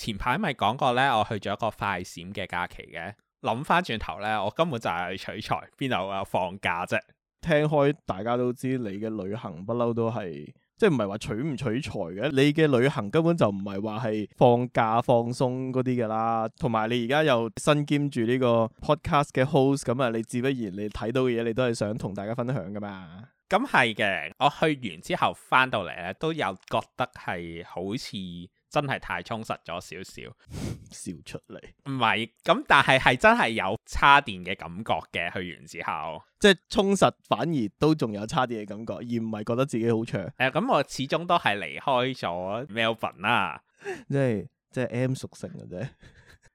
前排咪講過呢，我去咗一個快閃嘅假期嘅。諗翻轉頭呢，我根本就係取材，邊度有放假啫？聽開大家都知你都取取，你嘅旅行不嬲都係，即係唔係話取唔取材嘅？你嘅旅行根本就唔係話係放假放鬆嗰啲噶啦。同埋你而家又身兼住呢個 podcast 嘅 host，咁啊，你自不然你睇到嘅嘢，你都係想同大家分享噶嘛？咁係嘅，我去完之後翻到嚟咧，都有覺得係好似。真係太充實咗少少，笑出嚟。唔係，咁但係係真係有叉電嘅感覺嘅，去完之後即係充實，反而都仲有叉電嘅感覺，而唔係覺得自己好長。誒、呃，咁我始終都係離開咗 Melbourne 啦，即係即係 M 屬性嘅啫。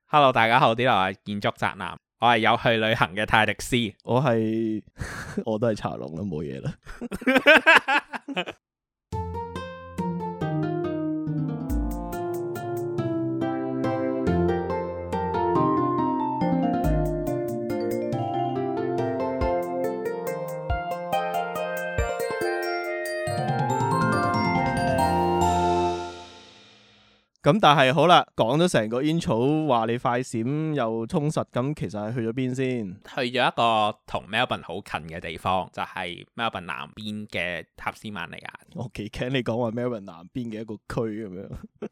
Hello，大家好，呢度係建築宅男，我係有去旅行嘅泰迪斯，我係是 我都係茶龍都冇嘢啦。 咁但係好啦，講咗成個 intro 話你快閃又充實，咁其實係去咗邊先？去咗一個同 Melbourne 好近嘅地方，就係 Melbourne 南邊嘅塔斯曼尼亞。我幾驚你講話 Melbourne 南邊嘅一個區咁樣，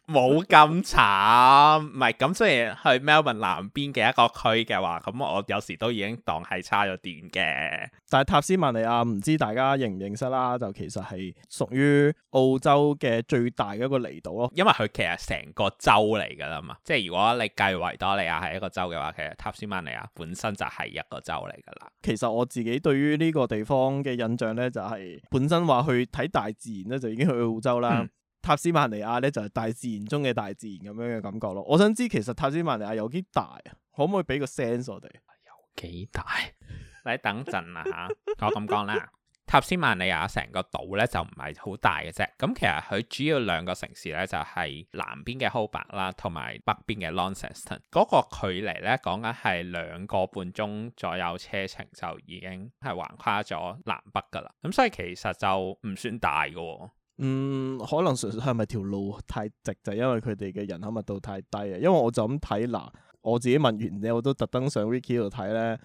冇 咁慘。唔係咁雖然去 Melbourne 南邊嘅一個區嘅話，咁我有時都已經當係差咗電嘅。但係塔斯曼尼亞唔知大家認唔認識啦，就其實係屬於澳洲嘅最大嘅一個離島咯，因為佢其實成成個州嚟噶啦嘛，即係如果你計維多利亞係一個州嘅話，其實塔斯曼尼亞本身就係一個州嚟噶啦。其實我自己對於呢個地方嘅印象呢，就係、是、本身話去睇大自然呢，就已經去澳洲啦。嗯、塔斯曼尼亞呢，就係、是、大自然中嘅大自然咁樣嘅感覺咯。我想知其實塔斯曼尼亞有幾大，可可有幾大 啊？可唔可以俾個 sense 我哋？有幾大？你等陣啦吓，我咁講啦。塔斯曼尼亞成個島咧就唔係好大嘅啫，咁其實佢主要兩個城市咧就係、是、南邊嘅 Hobart 啦，同埋北邊嘅 Launceston，嗰、那個距離咧講緊係兩個半鐘左右車程就已經係橫跨咗南北噶啦，咁所以其實就唔算大嘅、哦，嗯，可能純粹係咪條路太直就是、因為佢哋嘅人口密度太低啊，因為我就咁睇嗱，我自己問完你，我都特登上 wiki 度睇咧。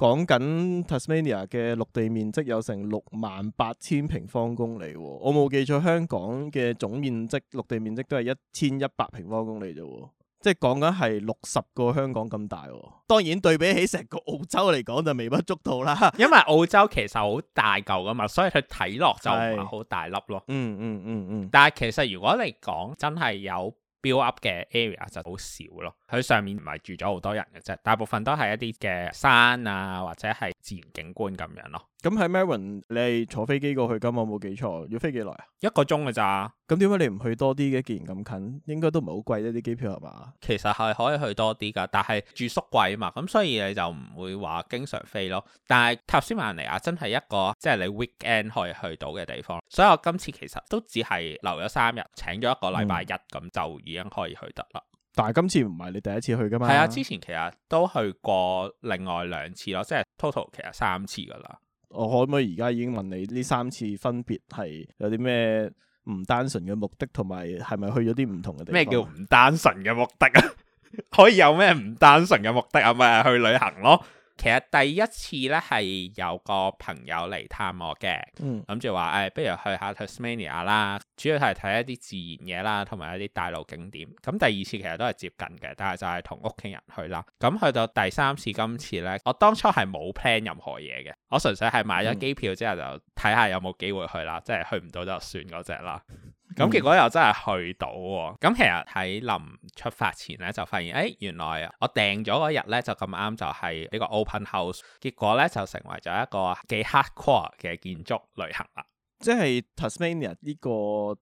講緊 Tasmania 嘅陸地面積有成六萬八千平方公里，我冇記錯，香港嘅總面積陸地面積都係一千一百平方公里啫，即係講緊係六十個香港咁大。當然對比起成個澳洲嚟講就微不足道啦。因為澳洲其實好大嚿噶嘛，所以佢睇落就唔係好大粒咯。嗯嗯嗯嗯。嗯嗯，但係其實如果你講真係有 build up 嘅 area 就好少咯，佢上面唔係住咗好多人嘅啫，大部分都係一啲嘅山啊或者係自然景觀咁樣咯。咁喺 Melbourne 你坐飛機過去，咁我冇記錯，要飛幾耐啊？一個鐘嘅咋？咁點解你唔去多啲嘅？既然咁近，應該都唔係好貴一啲機票係嘛？其實係可以去多啲噶，但係住宿貴嘛，咁所以你就唔會話經常飛咯。但係塔斯曼尼亞真係一個即係你 weekend 可以去到嘅地方，所以我今次其實都只係留咗三日，請咗一個禮拜一咁就。已經可以去得啦，但係今次唔係你第一次去㗎嘛？係啊，之前其實都去過另外兩次咯，即係 total 其實三次㗎啦。我可唔可以而家已經問你呢、嗯、三次分別係有啲咩唔單純嘅目的，是是同埋係咪去咗啲唔同嘅地方？咩叫唔單純嘅目的啊？ 可以有咩唔單純嘅目的啊？咪、就是、去旅行咯？其實第一次呢係有個朋友嚟探我嘅，嗯、咁就話誒，不、哎、如去下 Tasmania 啦，主要係睇一啲自然嘢啦，同埋一啲大路景點。咁第二次其實都係接近嘅，但係就係同屋企人去啦。咁去到第三次今次呢，我當初係冇 plan 任何嘢嘅，我純粹係買咗機票之後就睇下有冇機會去啦，嗯、即係去唔到就算嗰隻啦。咁、嗯、結果又真係去到喎、哦，咁其實喺臨出發前咧就發現，誒、哎、原來我訂咗嗰日咧就咁啱就係呢個 open house，結果咧就成為咗一個幾 hardcore 嘅建築旅行啦。即係 Tasmania、ah、呢個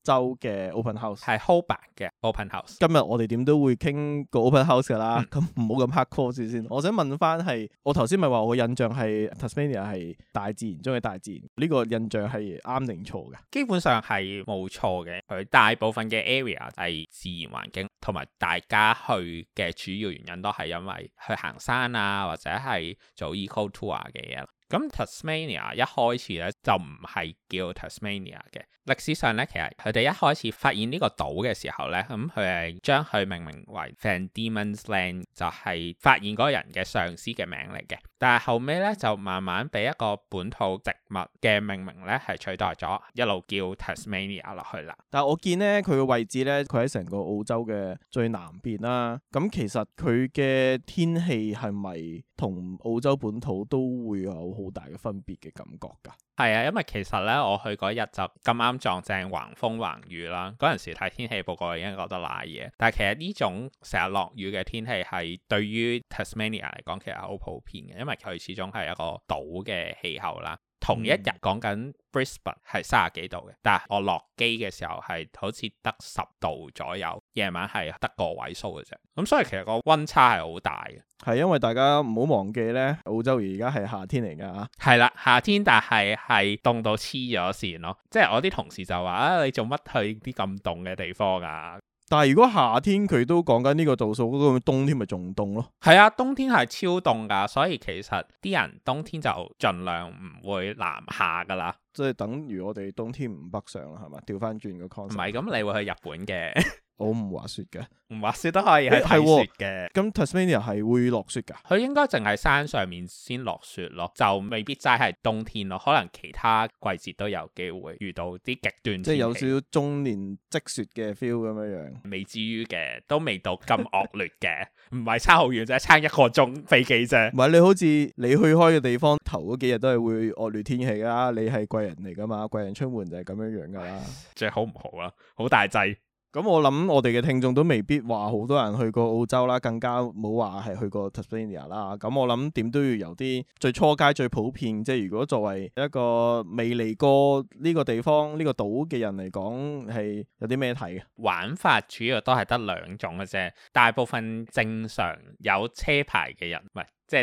州嘅 Open House 係 Hobart 嘅 Open House。Open house 今日我哋點都會傾個 Open House 噶啦，咁唔好咁 hard core 先。我想問翻係我頭先咪話我印象係 Tasmania、ah、係大自然中嘅大自然，呢、這個印象係啱定錯嘅？基本上係冇錯嘅，佢大部分嘅 area 係自然環境，同埋大家去嘅主要原因都係因為去行山啊，或者係做 eco tour 嘅嘢。咁 Tasmania 一開始咧就唔係叫 Tasmania 嘅，歷史上咧其實佢哋一開始發現呢個島嘅時候咧，咁佢係將佢命名為 Van Diemen’s Land，就係發現嗰個人嘅上司嘅名嚟嘅。但係後尾咧就慢慢俾一個本土植物嘅命名咧係取代咗，一路叫 Tasmania 落去啦。但係我見咧佢嘅位置咧，佢喺成個澳洲嘅最南邊啦、啊。咁其實佢嘅天氣係咪同澳洲本土都會有？好大嘅分別嘅感覺㗎，係啊，因為其實咧，我去嗰日就咁啱撞正橫風橫雨啦。嗰陣時睇天氣報告已經覺得瀨嘢，但係其實呢種成日落雨嘅天氣係對於 Tasmania 嚟講其實好普遍嘅，因為佢始終係一個島嘅氣候啦。同一日講緊 Brisbane 係三十幾度嘅，但係我落機嘅時候係好似得十度左右，夜晚係得個位數嘅啫。咁所以其實個溫差係好大嘅，係因為大家唔好忘記咧，澳洲而家係夏天嚟㗎嚇，係啦夏天，但係係凍到黐咗線咯，即係我啲同事就話啊，你做乜去啲咁凍嘅地方啊？但係如果夏天佢都講緊呢個度數，咁冬天咪仲凍咯？係啊，冬天係超凍噶，所以其實啲人冬天就盡量唔會南下噶啦，即係等於我哋冬天唔北上啦，係嘛？調翻轉個 concept。唔係，咁你會去日本嘅。 我唔滑雪嘅，唔滑雪都可以喺睇雪嘅。咁、欸啊、Tasmania 係會落雪噶？佢應該淨係山上面先落雪咯，就未必齋係冬天咯。可能其他季節都有機會遇到啲極端，即係有少少中年積雪嘅 feel 咁樣樣。未至於嘅，都未到咁惡劣嘅。唔係 差好遠啫，就係差一個鐘飛機啫。唔係你好似你去開嘅地方，頭嗰幾日都係會惡劣天氣啦。你係貴人嚟噶嘛？貴人出門就係咁樣樣噶啦。即係 好唔好啊？好大劑。咁、嗯、我諗我哋嘅聽眾都未必話好多人去過澳洲啦，更加冇話係去過 Tasmania 啦。咁、嗯、我諗點都要由啲最初階最普遍，即係如果作為一個未嚟過呢個地方呢、呢個島嘅人嚟講，係有啲咩睇嘅？玩法主要都係得兩種嘅啫，大部分正常有車牌嘅人，唔即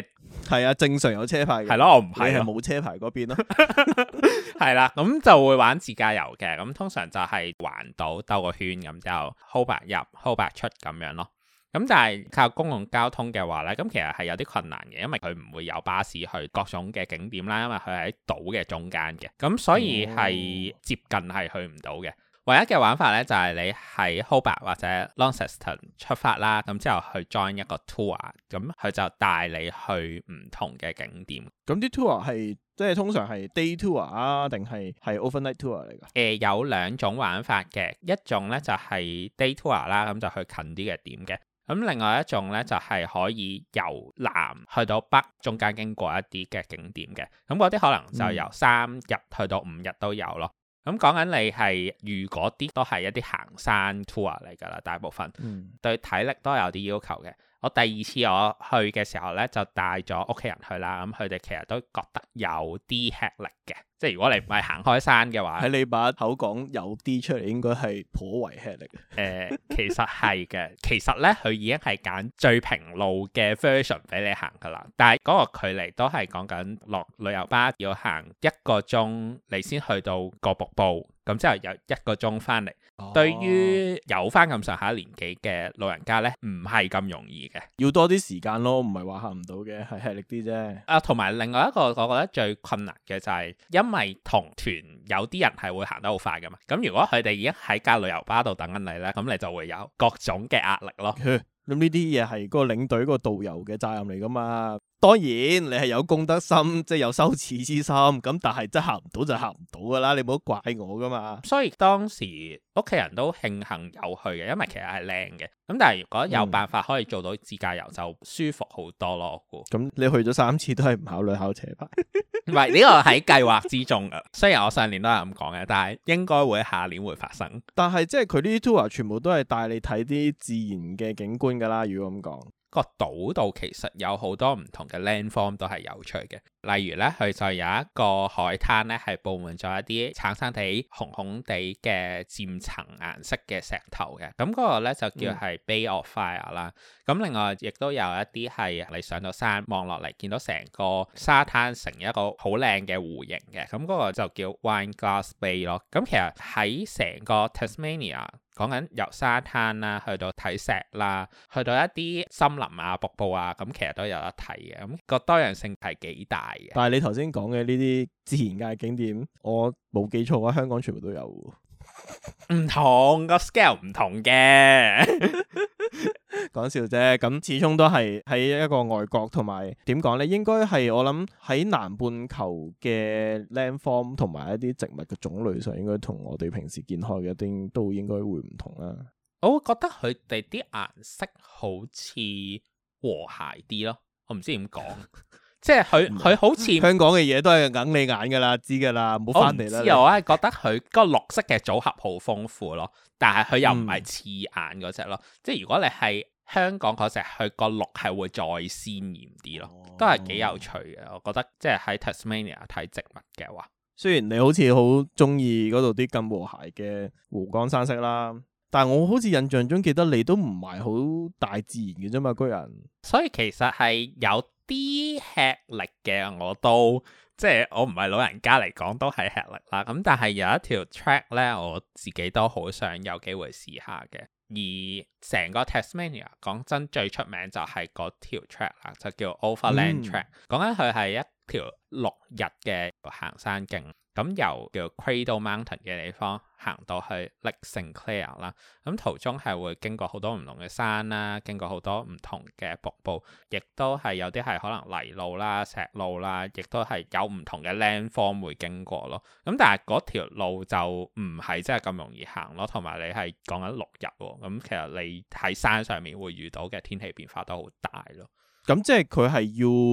係啊，正常有車牌嘅，係咯，我唔係啊，冇車牌嗰邊咯，係 啦， 咁就會玩自駕遊嘅，咁通常就係環島兜個圈咁就 Hobart 入 Hobart 出咁樣咯，咁但係靠公共交通嘅話呢，咁其實係有啲困難嘅，因為佢唔會有巴士去各種嘅景點啦，因為佢喺島嘅中間嘅，咁所以係接近係去唔到嘅。嗯唯一嘅玩法咧就係、是、你喺 Hobart 或者 Launceston 出發啦，咁、嗯、之後去 join 一個 tour，咁、嗯、佢就帶你去唔同嘅景點。咁啲 tour 係即係通常係 day tour 啊，定係係 overnight tour 嚟噶？誒，有兩種玩法嘅，一種咧就係、是、day tour 啦，咁、嗯、就去近啲嘅點嘅。咁、嗯、另外一種咧就係、是、可以由南去到北，中間經過一啲嘅景點嘅。咁嗰啲可能就由三日去到五日都有咯。嗯咁講緊你係，如果啲都係一啲行山 tour 嚟㗎啦，大部分、嗯、對體力都有啲要求嘅。我第二次我去嘅時候呢，就帶咗屋企人去啦。咁佢哋其實都覺得有啲吃力嘅，即係如果你唔係行開山嘅話，你把口講有啲出嚟，應該係頗為吃力嘅、 呃。其實係嘅，其實呢，佢已經係揀最平路嘅 version 俾你行噶啦，但係嗰個距離都係講緊落旅遊巴要行一個鐘，你先去到個瀑布，咁之後有一個鐘翻嚟。對於有翻咁上下年紀嘅老人家呢，唔係咁容易嘅，要多啲時間咯，唔係話行唔到嘅，係吃力啲啫。啊，同埋另外一個，我覺得最困難嘅就係，因為同團有啲人係會行得好快噶嘛，咁如果佢哋而家喺架旅遊巴度等緊你呢，咁你就會有各種嘅壓力咯。咁呢啲嘢係個領隊、個導遊嘅責任嚟噶嘛。當然你係有公德心，即係有羞恥之心，咁但係真行唔到就行唔到噶啦，你唔好怪我噶嘛。所以當時屋企人都慶幸有去嘅，因為其實係靚嘅。咁但係如果有辦法可以做到自駕遊，嗯、就舒服好多咯。咁你去咗三次都係唔考慮考車牌？唔係，呢個喺計劃之中啊。雖然 我上年都係咁講嘅，但係應該會下年會發生。但係即係佢呢啲 tour 全部都係帶你睇啲自然嘅景觀噶啦，如果咁講。個島度其實有好多唔同嘅 land form 都係有趣嘅。例如咧，佢就有一個海灘咧，係佈滿咗一啲橙橙地、紅紅地嘅漸層顏色嘅石頭嘅，咁嗰個咧就叫係 Bay of Fire 啦。咁、嗯、另外亦都有一啲係你上到山望落嚟，見到成個沙灘成一個好靚嘅弧形嘅，咁嗰個就叫 Wineglass Bay 咯。咁其實喺成個 Tasmania 講緊由沙灘啦，去到睇石啦，去到一啲森林啊、瀑布啊，咁其實都有得睇嘅，咁、個多樣性係幾大。但係你頭先講嘅呢啲自然界景點，我冇記錯嘅，香港全部都有。唔 同個 scale 唔同嘅， 講笑啫。咁始終都係喺一個外國，同埋點講呢？應該係我諗喺南半球嘅 landform 同埋一啲植物嘅種類上，應該同我哋平時見開嘅一啲都應該會唔同啦。我會覺得佢哋啲顏色好似和諧啲咯，我唔知點講。 即係佢佢好似香港嘅嘢都係哽你眼噶啦，知噶啦，冇翻嚟啦。我唔知，我係覺得佢嗰個綠色嘅組合好豐富咯，但係佢又唔係刺眼嗰隻咯。嗯、即係如果你係香港嗰隻，佢個綠係會再鮮豔啲咯，哦、都係幾有趣嘅。我覺得即係喺 Tasmania 睇植物嘅話，雖然你好似好中意嗰度啲咁和諧嘅湖光山色啦，但係我好似印象中記得你都唔係好大自然嘅啫嘛，個人。所以其實係有。啲吃力嘅我都即係我唔係老人家嚟講都係吃力啦，咁、嗯、但係有一條 track 咧，我自己都好想有機會試下嘅。而成個 Tasmania 講真最出名就係嗰條 track 啦，就叫 Overland Track、嗯。講緊佢係一條六日嘅行山徑。咁由叫做 Cradle Mountain 嘅地方行到去 Lake Sinclair 啦，咁途中係會經過好多唔同嘅山啦，經過好多唔同嘅瀑布，亦都係有啲係可能泥路啦、石路啦，亦都係有唔同嘅 landform 會經過咯。咁但係嗰條路就唔係真係咁容易行咯，同埋你係講緊六日喎、啊，咁其實你喺山上面會遇到嘅天氣變化都好大咯。咁即係佢係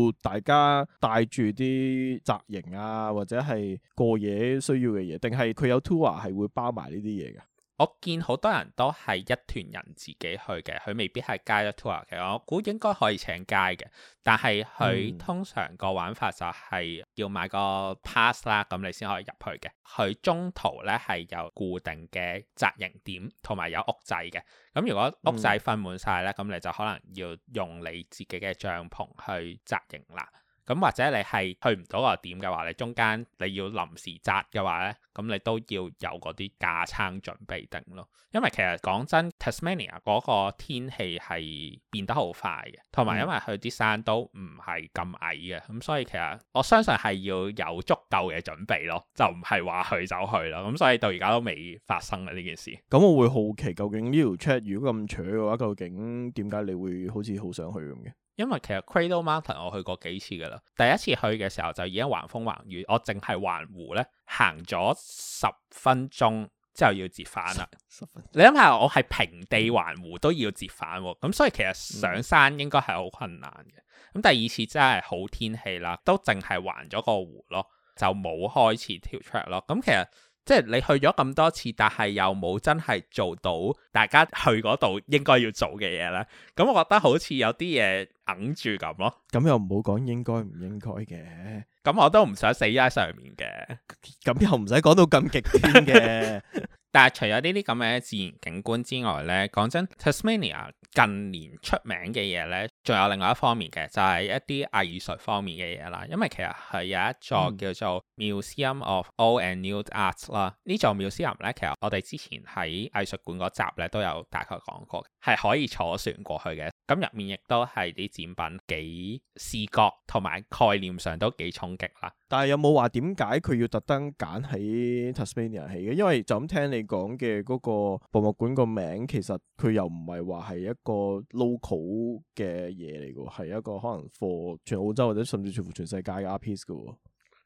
要大家帶住啲扎營啊，或者係過夜需要嘅嘢，定係佢有 tour 係會包埋呢啲嘢㗎？我見好多人都係一團人自己去嘅，佢未必係加 tour 嘅。我估應該可以請街嘅，但係佢、嗯、通常個玩法就係要買個 pass 啦，咁你先可以入去嘅。佢中途咧係有固定嘅紮營點，同埋有，有屋仔嘅。咁如果屋仔瞓滿晒咧，咁、嗯、你就可能要用你自己嘅帳篷去紮營啦。咁或者你係去唔到個點嘅話，你中間你要臨時紮嘅話咧，咁你都要有嗰啲架撐準備定咯。因為其實講真，Tasmania 嗰個天氣係變得好快嘅，同埋因為佢啲山都唔係咁矮嘅，咁、嗯、所以其實我相信係要有足夠嘅準備咯，就唔係話去就去啦。咁所以到而家都未發生啊呢件事。咁、嗯、我會好奇，究竟呢條出如果咁扯嘅話，究竟點解你會好似好想去咁嘅？因為其實 Cradle Mountain 我去過幾次㗎喇，第一次去嘅時候就已經橫風橫雨，我淨係環湖咧行咗十分鐘之後要折返啦。十分 你諗下我係平地環湖都要折返，咁所以其實上山應該係好困難嘅。咁第二次真係好天氣啦，都淨係環咗個湖咯，就冇開始跳出嚟咯。咁其實。即係你去咗咁多次，但係又冇真係做到大家去嗰度應該要做嘅嘢咧，咁我覺得好似有啲嘢揞住咁咯。咁又唔好講應該唔應該嘅，咁我都唔想死喺上面嘅，咁又唔使講到咁極端嘅。 但係除咗呢啲咁嘅自然景觀之外咧，講真，Tasmania 近年出名嘅嘢咧，仲有另外一方面嘅，就係一啲藝術方面嘅嘢啦。因為其實係有一座叫做 Museum of Old and New Arts 啦，呢座 museum 咧，其實我哋之前喺藝術館嗰集咧都有大概講過，係可以坐船過去嘅。咁入面亦都係啲展品幾視覺同埋概念上都幾衝擊啦。但係有冇話點解佢要特登揀喺 Tasmania 起嘅？因為就咁聽你講嘅嗰個博物館個名，其實佢又唔係話係一個 local 嘅嘢嚟嘅，係一個可能 for 全澳洲或者甚至乎全世界嘅 art piece 嘅喎。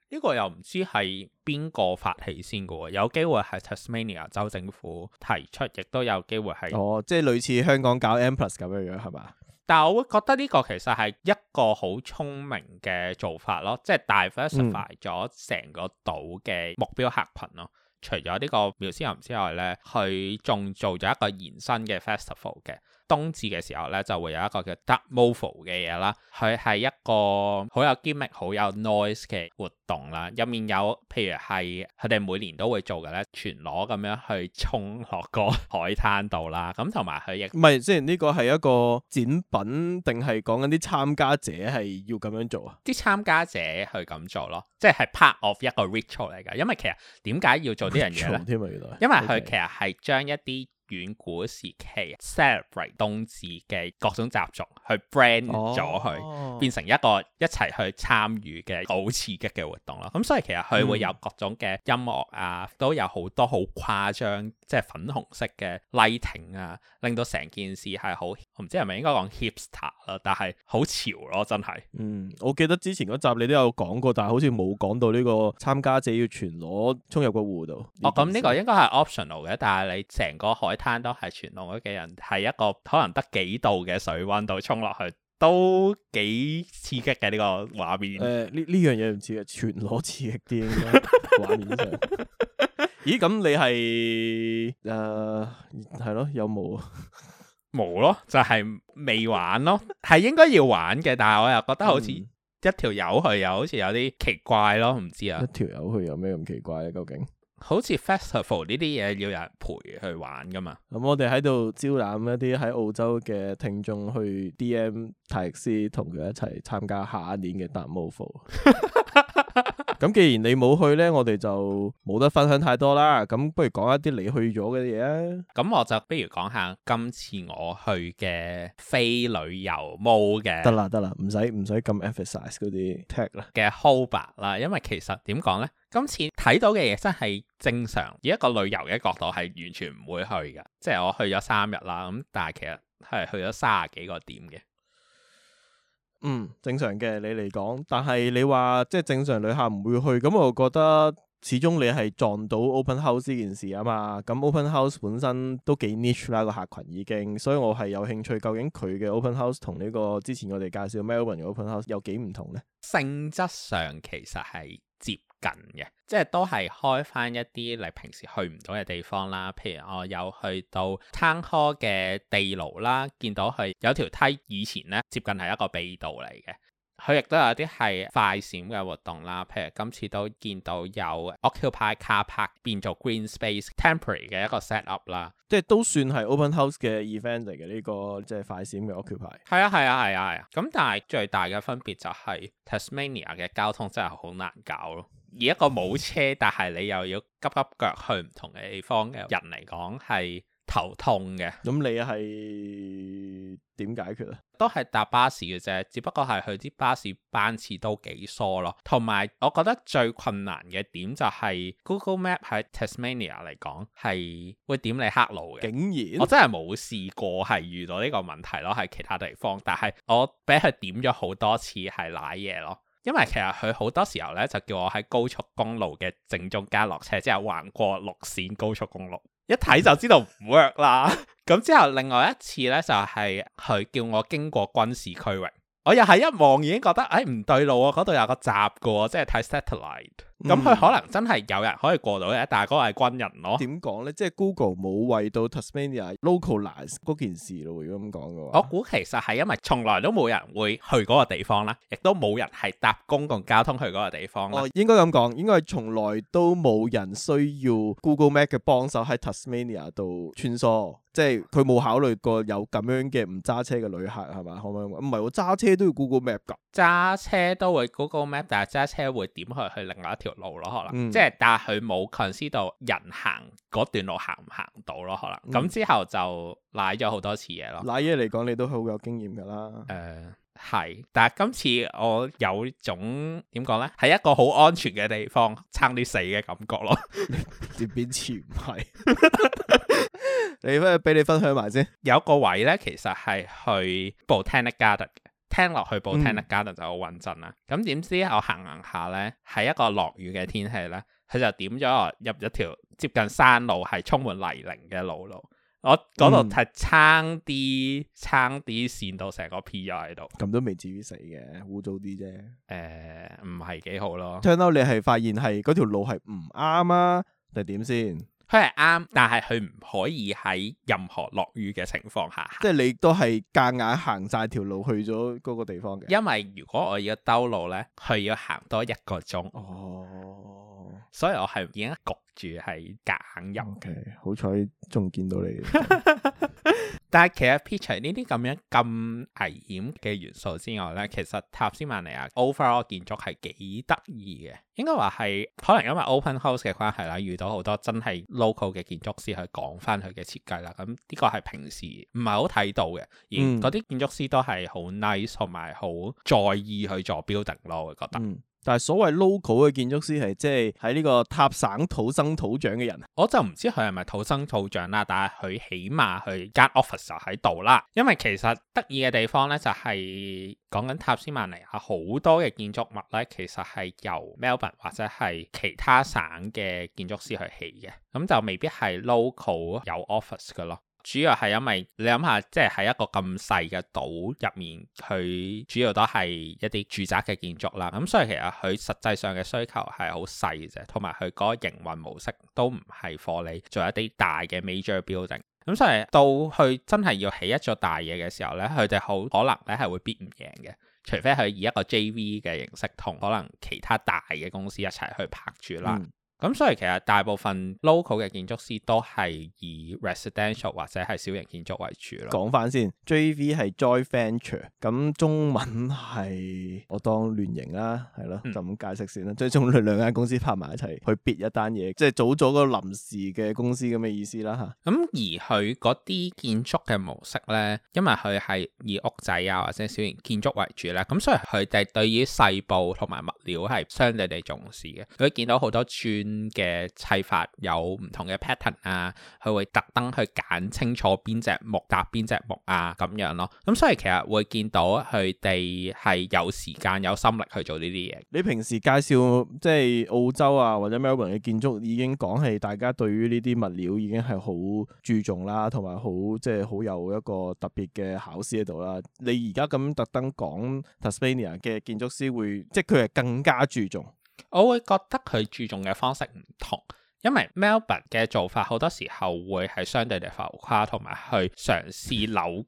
呢個又唔知係邊個發起先嘅，有機會係 Tasmania 州政府提出，亦都有機會係哦，即係類似香港搞 M+ 咁樣樣係嘛？但係我會覺得呢個其實係一個好聰明嘅做法咯，即係 diversify 咗成個島嘅目標客群咯。嗯、除咗呢個 museum 之外咧，佢仲做咗一個延伸嘅 festival 嘅。冬至嘅時候咧，就會有一個叫 Dark Mofo 嘅嘢啦。佢係一個好有 gimmick、好有 noise 嘅活動啦。入面有，譬如係佢哋每年都會做嘅咧，全裸咁樣去衝落個海灘度啦。咁同埋佢亦唔係，雖然呢個係一個展品定係講緊啲參加者係要咁樣做啊？啲參加者去咁做咯，即係係 part of 一個 ritual 嚟㗎。因為其實點解要做啲樣嘢咧？啊、原來因為佢 Okay. 其實係將一啲遠古時期，celebrate 冬至嘅各種習俗，去 brand 咗佢，變成一個一齊去參與嘅好刺激嘅活動啦。咁所以其實佢會有各種嘅音樂啊，都有好多好誇張，即係粉紅色嘅 lighting 啊，令到成件事係好。唔知係咪應該講 hipster 啦，但係好潮咯，真係。嗯，我記得之前嗰集你都有講過，但係好似冇講到呢個參加者要全裸衝入個湖度。哦，咁呢、哦嗯這個應該係 optional 嘅，但係你成個海灘都係全裸嘅人，係一個可能得幾度嘅水溫度衝落去，都幾刺激嘅呢、這個畫面。誒、呃，呢呢樣嘢唔似啊，全裸刺激啲，畫面上。 咦？咁你係誒係咯？有冇？冇咯，就係、是、未玩咯，係 應該要玩嘅，但係我又覺得好似一條友去又好似有啲奇怪咯，唔知啊，一條友去有咩咁奇怪咧？究竟麼麼好似 Festival 呢啲嘢要有人陪佢玩噶嘛？咁我哋喺度招攬一啲喺澳洲嘅聽眾去 DM 泰迪斯，同佢一齊參加下一年嘅 Dark Mofo。咁 既然你冇去呢，我哋就冇得分享太多啦。咁不如講一啲你去咗嘅嘢啊。咁我就不如講下今次我去嘅非旅遊冇嘅。得啦得啦，唔使唔使咁 emphasize 嗰啲 tag 啦。嘅 hold back 啦，因為其實點講呢？今次睇到嘅嘢真係正常，以一個旅遊嘅角度係完全唔會去嘅。即係我去咗三日啦，咁但係其實係去咗三十幾個點嘅。嗯，正常嘅你嚟講，但係你話即係正常旅客唔會去，咁我覺得始終你係撞到 open house 呢件事啊嘛。咁 open house 本身都幾 niche 啦，個客群已經，所以我係有興趣究竟佢嘅 open house 同呢個之前我哋介紹 Melbourne 嘅 open house 有幾唔同咧？性質上其實係接。近嘅，即係都係開翻一啲你平時去唔到嘅地方啦。譬如我有去到 Town Hall 嘅地牢啦，見到佢有條梯，以前咧，接近係一個秘道嚟嘅。佢亦都有啲係快閃嘅活動啦。譬如今次都見到有 occupy car park 變做 green space temporary 嘅一個 set up 啦，即係都算係 open house 嘅 event 嚟嘅，呢個，即係快閃嘅 occupy。係啊係啊係啊係啊。咁但係最大嘅分別就係 Tasmania 嘅交通真係好難搞咯。而一個冇車，但係你又要急急腳去唔同嘅地方嘅人嚟講，係頭痛嘅。咁你係點解決啊？都係搭巴士嘅啫，只不過係佢啲巴士班次都幾疏咯。同埋我覺得最困難嘅點就係 Google Map 喺 Tasmania 嚟講係會點你黑路嘅。竟然？我真係冇試過係遇到呢個問題咯，喺其他地方，但係我俾佢點咗好多次係賴嘢咯。因為其實佢好多時候呢，就叫我喺高速公路嘅正中間落車，即係橫過六線高速公路，一睇，就知道唔 work 啦。咁 之後另外一次呢，就係、是、佢叫我經過軍事區域，我又係一望已經覺得誒唔、哎、對路啊，嗰度有個閘噶，即係睇 satellite。咁佢、嗯、可能真係有人可以過到嘅，但係嗰個係軍人咯。點講咧？即係 Google 冇為到 Tasmania localise 嗰件事咯，如果咁講嘅話，我估其實係因為從來都冇人會去嗰個地方啦，亦都冇人係搭公共交通去嗰個地方咯、哦。應該咁講，應該從來都冇人需要 Google Map 嘅幫手喺 Tasmania 度穿梭，嗯、即係佢冇考慮過有咁樣嘅唔揸車嘅旅客係嘛？可唔可以？唔係、哦，我揸車都要 Google Map 噶。揸車都會嗰個 Map，但係揸車會點去去另外一條，條、嗯、路咯，可能即係，但係佢冇構思到人行嗰段路行唔行到咯，可能咁之後就瀨咗好多次嘢咯。瀨嘢嚟講，你都好有經驗噶啦。誒、呃，係，但係今次我有種，點講咧，係一個好安全嘅地方爭啲死嘅感覺咯。你邊次唔係？你咩俾你分享埋先？有一個位咧，其實係去 Botanic Garden。聽落去部聽得加特就好穩陣啦，咁點、嗯、知我行行下呢，係一個落雨嘅天氣呢，佢就點咗我入咗條接近山路，係充滿泥濘嘅路路，我嗰度係撐啲撐啲線到成個 P 咗喺度，咁都未至於死嘅，污糟啲啫，誒、呃，唔係幾好咯。聽到你係發現係嗰條路係唔啱啊，定係點先？佢係啱，但係佢唔可以喺任何落雨嘅情況下，即係你都係夾硬行晒條路去咗嗰個地方嘅。因為如果我要兜路咧，佢要行多一個鐘。哦，所以我係已經焗住係夾硬入嘅。嗯、好彩仲見到你。 但係其實撇除呢啲咁樣咁危險嘅元素之外咧，其實塔斯曼尼亞 overall 建築係幾得意嘅，應該話係可能因為 open house 嘅關係啦，遇到好多真係 local 嘅建築師去講翻佢嘅設計啦。咁呢個係平時唔係好睇到嘅，而嗰啲建築師都係好 nice 同埋好在意去做 building 咯，我會覺得。嗯但係所謂 local 嘅建築師係即係喺呢個塔省土生土長嘅人，我就唔知佢係咪土生土長啦。但係佢起碼佢間 office 就喺度啦。因為其實得意嘅地方咧，就係講緊塔斯曼尼亞好多嘅建築物咧，其實係由 Melbourne 或者係其他省嘅建築師去起嘅，咁就未必係 local 有 office 㗎咯。主要係因為你諗下，即係喺一個咁細嘅島入面，佢主要都係一啲住宅嘅建築啦。咁所以其實佢實際上嘅需求係好細嘅啫，同埋佢嗰個營運模式都唔係合理做一啲大嘅 major building。咁所以到佢真係要起一座大嘢嘅時候咧，佢哋好可能咧係會必唔贏嘅，除非佢以一個 JV 嘅形式同可能其他大嘅公司一齊去拍住啦。嗯。咁所以其實大部分 local 嘅建築師都係以 residential 或者係小型建築為主啦，講返先，JV 係 Joint Venture，咁中文係我當聯營啦，係咯，嗯、就咁解釋先啦。最終中兩間公司拍埋一齊去 bid 一單嘢，即、就、係、是、組咗個臨時嘅公司咁嘅意思啦吓。咁而佢嗰啲建築嘅模式咧，因為佢係以屋仔啊或者小型建築為主咧，咁所以佢哋對於細部同埋物料係相對地重視嘅。佢見到好多磚。嘅砌法有唔同嘅 pattern 啊，佢會特登去揀清楚邊隻木搭邊隻木啊，咁樣咯。咁所以其實會見到佢哋係有時間、有心力去做呢啲嘢。你平時介紹即係澳洲啊或者 Melbourne 嘅建築，已經講係大家對於呢啲物料已經係好注重啦，同埋好即係好有一個特別嘅考試喺度啦。你而家咁特登講 Tasmania 嘅建築師會，即係佢係更加注重。我會覺得佢注重嘅方式唔同，因為 Melbourne 嘅做法好多時候會係相對地浮誇，同埋去嘗試扭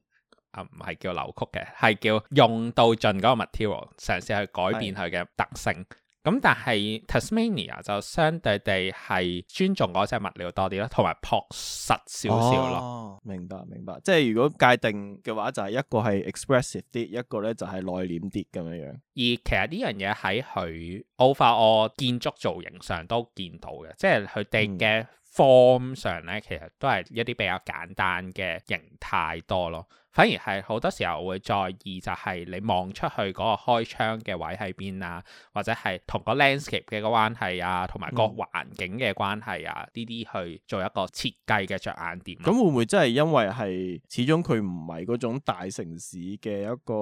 啊，唔係叫扭曲嘅，係叫用到盡嗰個 material，嘗試去改變佢嘅特性。咁但係 Tasmania 就相對地係尊重嗰隻物料多啲咯，同埋樸實少少咯。哦、了明白明白，即係如果界定嘅話，就係、是、一個係 expressive 啲，一個咧就係內斂啲咁樣樣。而其實呢樣嘢喺佢澳法，我建築造型上都見到嘅，即係佢定嘅。form 上咧，其實都係一啲比較簡單嘅型態多咯。反而係好多時候會在意就係你望出去嗰個開窗嘅位喺邊啊，或者係同個 landscape 嘅關係啊，同埋個環境嘅關係啊，呢啲去做一個設計嘅着眼點啊。咁、嗯、會唔會真係因為係始終佢唔係嗰種大城市嘅一個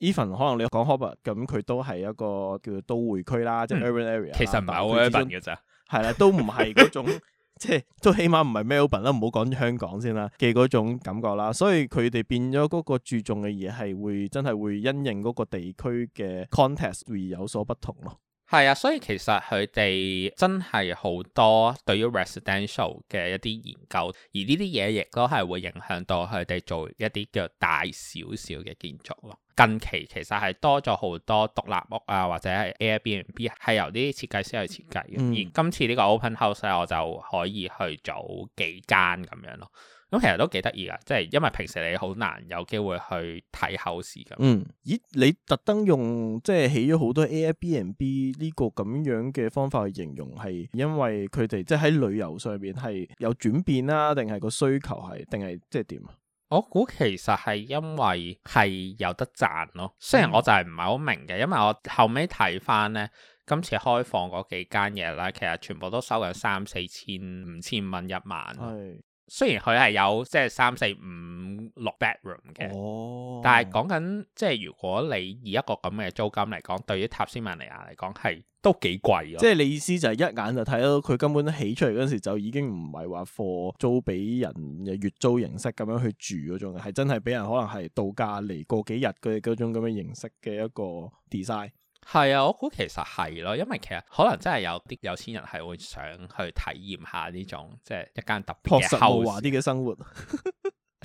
even 可能你講 Hobart 咁，佢都係一個叫做都會區啦，即、就、係、是、urban area、嗯。其實唔係好 urban 嘅咋，係啦，都唔係嗰種。 即係都起碼唔係 Melbourne 啦，唔好講香港先啦嘅嗰種感覺啦，所以佢哋變咗嗰個注重嘅嘢係會真係會因應嗰個地區嘅 context 而有所不同咯。係啊，所以其實佢哋真係好多對於 residential 嘅一啲研究，而呢啲嘢亦都係會影響到佢哋做一啲叫大少少嘅建築咯。近期其實係多咗好多獨立屋啊，或者係 Airbnb 係由啲設計師去設計嘅。嗯、而今次呢個 open house 呢，我就可以去做幾間咁樣咯。咁其實都幾得意㗎，即係因為平時你好難有機會去睇 house 咁。嗯，咦？你特登用即係起咗好多 Airbnb 呢個咁樣嘅方法去形容係因為佢哋即係喺旅遊上面係有轉變啦，定係個需求係定係即係點啊？我估其實係因為係有得賺咯，雖然我就係唔係好明嘅，因為我後尾睇翻呢，今次開放嗰幾間嘢啦，其實全部都收緊三四千、五千蚊，一萬。係是雖然佢係有即係三四五六 bedroom 嘅，但係講緊即係如果你以一個咁嘅租金嚟講，對於塔斯曼尼亞嚟講係。都幾貴啊！即係你意思就係一眼就睇到佢根本起出嚟嗰時就已經唔係話課租俾人嘅月租形式咁樣去住嗰種，係真係俾人可能係度假嚟過幾日佢嗰種咁樣形式嘅一個 design。係啊，我估其實係咯，因為其實可能真係有啲有錢人係會想去體驗下呢種即係、就是、一間特別嘅豪華啲嘅生活。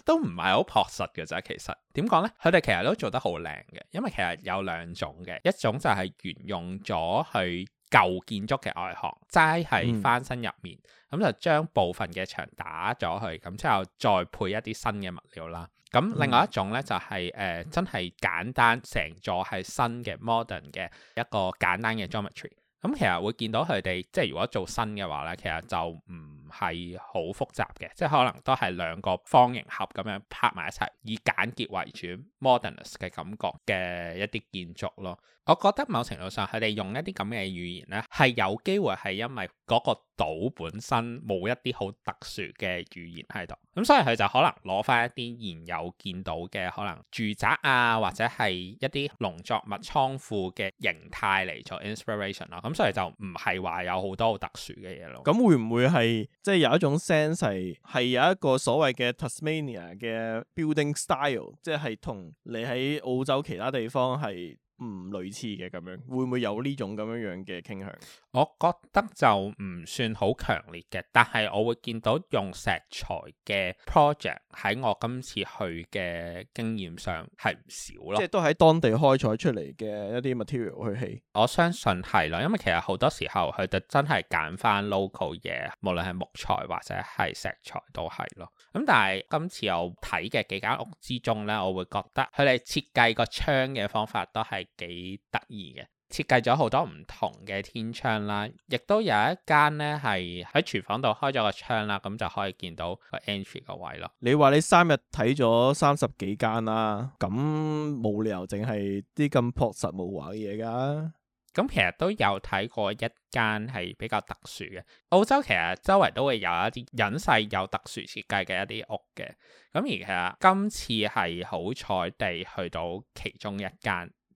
都唔係好樸實嘅啫，其實點講呢？佢哋其實都做得好靚嘅，因為其實有兩種嘅，一種就係沿用咗佢舊建築嘅外殼，齋係翻新入面，咁就將部分嘅牆打咗佢，咁之後再配一啲新嘅物料啦。咁另外一種呢，就係、是、誒、呃、真係簡單，成座係新嘅 modern 嘅一個簡單嘅 geometry。咁其實會見到佢哋，即係如果做新嘅話呢，其實就唔係好複雜嘅，即係可能都係兩個方形盒咁樣拍埋一齊，以簡潔為主，modernist 嘅感覺嘅一啲建築咯。我覺得某程度上佢哋用一啲咁嘅語言呢，係有機會係因為嗰個島本身冇一啲好特殊嘅語言喺度，咁所以佢就可能攞翻一啲現有見到嘅可能住宅啊，或者係一啲農作物倉庫嘅形態嚟做 inspiration 咯。咁所以就唔係話有好多好特殊嘅嘢咯。咁會唔會係？即係有一種 sense 係係有一個所謂嘅 Tasmania 嘅 building style，即係同你喺澳洲其他地方係唔類似嘅咁樣，會唔會有呢種咁樣樣嘅傾向？我覺得就唔算好強烈嘅，但係我會見到用石材嘅 project 喺我今次去嘅經驗上係唔少咯。即係都喺當地開採出嚟嘅一啲 material 去起。我相信係咯，因為其實好多時候佢哋真係揀翻 local 嘢，無論係木材或者係石材都係咯。咁但係今次我睇嘅幾間屋之中呢，我會覺得佢哋設計個窗嘅方法都係。幾得意嘅設計咗好多唔同嘅天窗啦，亦都有一間咧係喺廚房度開咗個窗啦，咁就可以見到個 entry 個位咯。你話你三日睇咗三十幾間啦，咁冇理由淨係啲咁朴實無華嘅嘢噶。咁其實都有睇過一間係比較特殊嘅。澳洲，其實周圍都會有一啲隱世有特殊設計嘅一啲屋嘅。咁而其實今次係好彩地去到其中一間。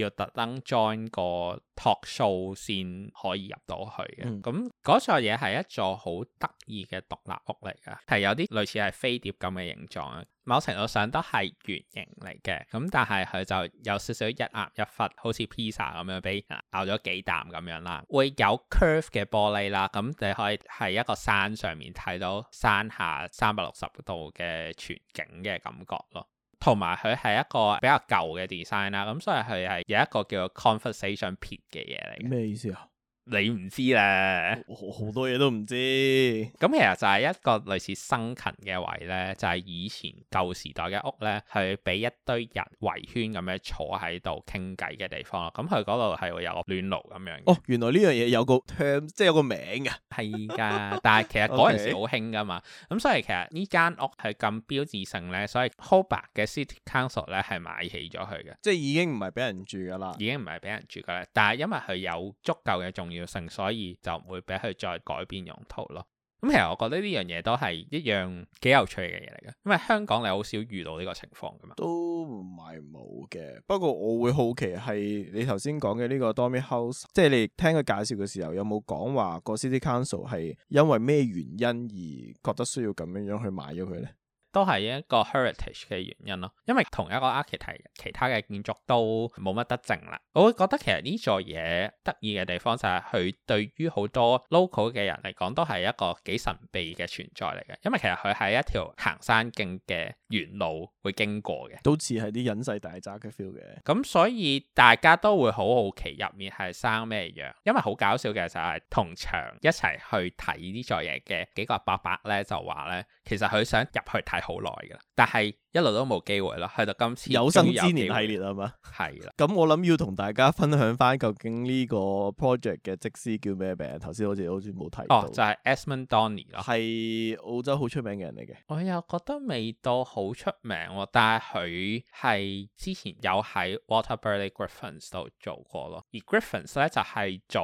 要特登 join 個 talk show 先可以入到去嘅，咁嗰、嗯、座嘢係一座好得意嘅獨立屋嚟嘅，係有啲類似係飛碟咁嘅形狀，某程度上都係圓形嚟嘅，咁但係佢就有少少一凹一忽，好似披薩咁樣俾咬咗幾啖咁樣啦，會有 curve 嘅玻璃啦，咁你可以喺一個山上面睇到山下三百六十度嘅全景嘅感覺咯。同埋佢係一個比較舊嘅 design 啦，咁、嗯、所以佢係有一個叫做 conversation pit 嘅嘢嚟嘅。咩意思啊？你唔知咧，好多嘢都唔知。咁其實就係一個類似生勤嘅位咧，就係、是、以前舊時代嘅屋咧，係俾一堆人圍圈咁樣坐喺度傾偈嘅地方咯。咁佢嗰度係會有個暖爐咁樣的哦，原來呢樣嘢有個 term，即係有個名㗎、啊。係 噶，但係其實嗰陣時好興㗎嘛。咁 Okay. 所以其實呢間屋係咁標誌性咧，所以 Hobart 嘅 City Council 咧係買起咗佢嘅。即係已經唔係俾人住噶啦，已經唔係俾人住㗎啦。但係因為佢有足夠嘅重要。所以就唔會俾佢再改變用途咯。咁其實我覺得呢樣嘢都係一樣幾有趣嘅嘢嚟嘅，因為香港你好少遇到呢個情況噶嘛。都唔係冇嘅，不過我會好奇係你頭先講嘅呢個 d o m e house，即係你聽佢介紹嘅時候，有冇講話個 city council 係因為咩原因而覺得需要咁樣樣去買咗佢呢？都係一個 heritage 嘅原因咯，因為同一個 architect 其他嘅建築都冇乜得剩啦。我會覺得其實呢座嘢得意嘅地方就係佢對於好多 local 嘅人嚟講都係一個幾神秘嘅存在嚟嘅，因為其實佢係一條行山徑嘅。沿路會經過嘅，都似係啲隱世大宅嘅 feel 嘅，咁所以大家都會好好奇入面係生咩樣，因為好搞笑嘅就係同場一齊去睇呢座嘢嘅幾個伯伯呢，就話呢，其實佢想入去睇好耐嘅，但係，一路都冇機會啦，係就今次有生之年系列係嘛？係啦，咁的我諗要同大家分享翻，究竟呢個 project 嘅則師叫咩名？頭先好似好似冇睇到，哦，就係、是、Esmond Dorney d 咯，係澳洲好出名嘅人嚟嘅。我又覺得未到好出名喎、哦，但係佢係之前有喺 Walter Burley Griffin 度做過咯。而 Griffin 咧就係、是、做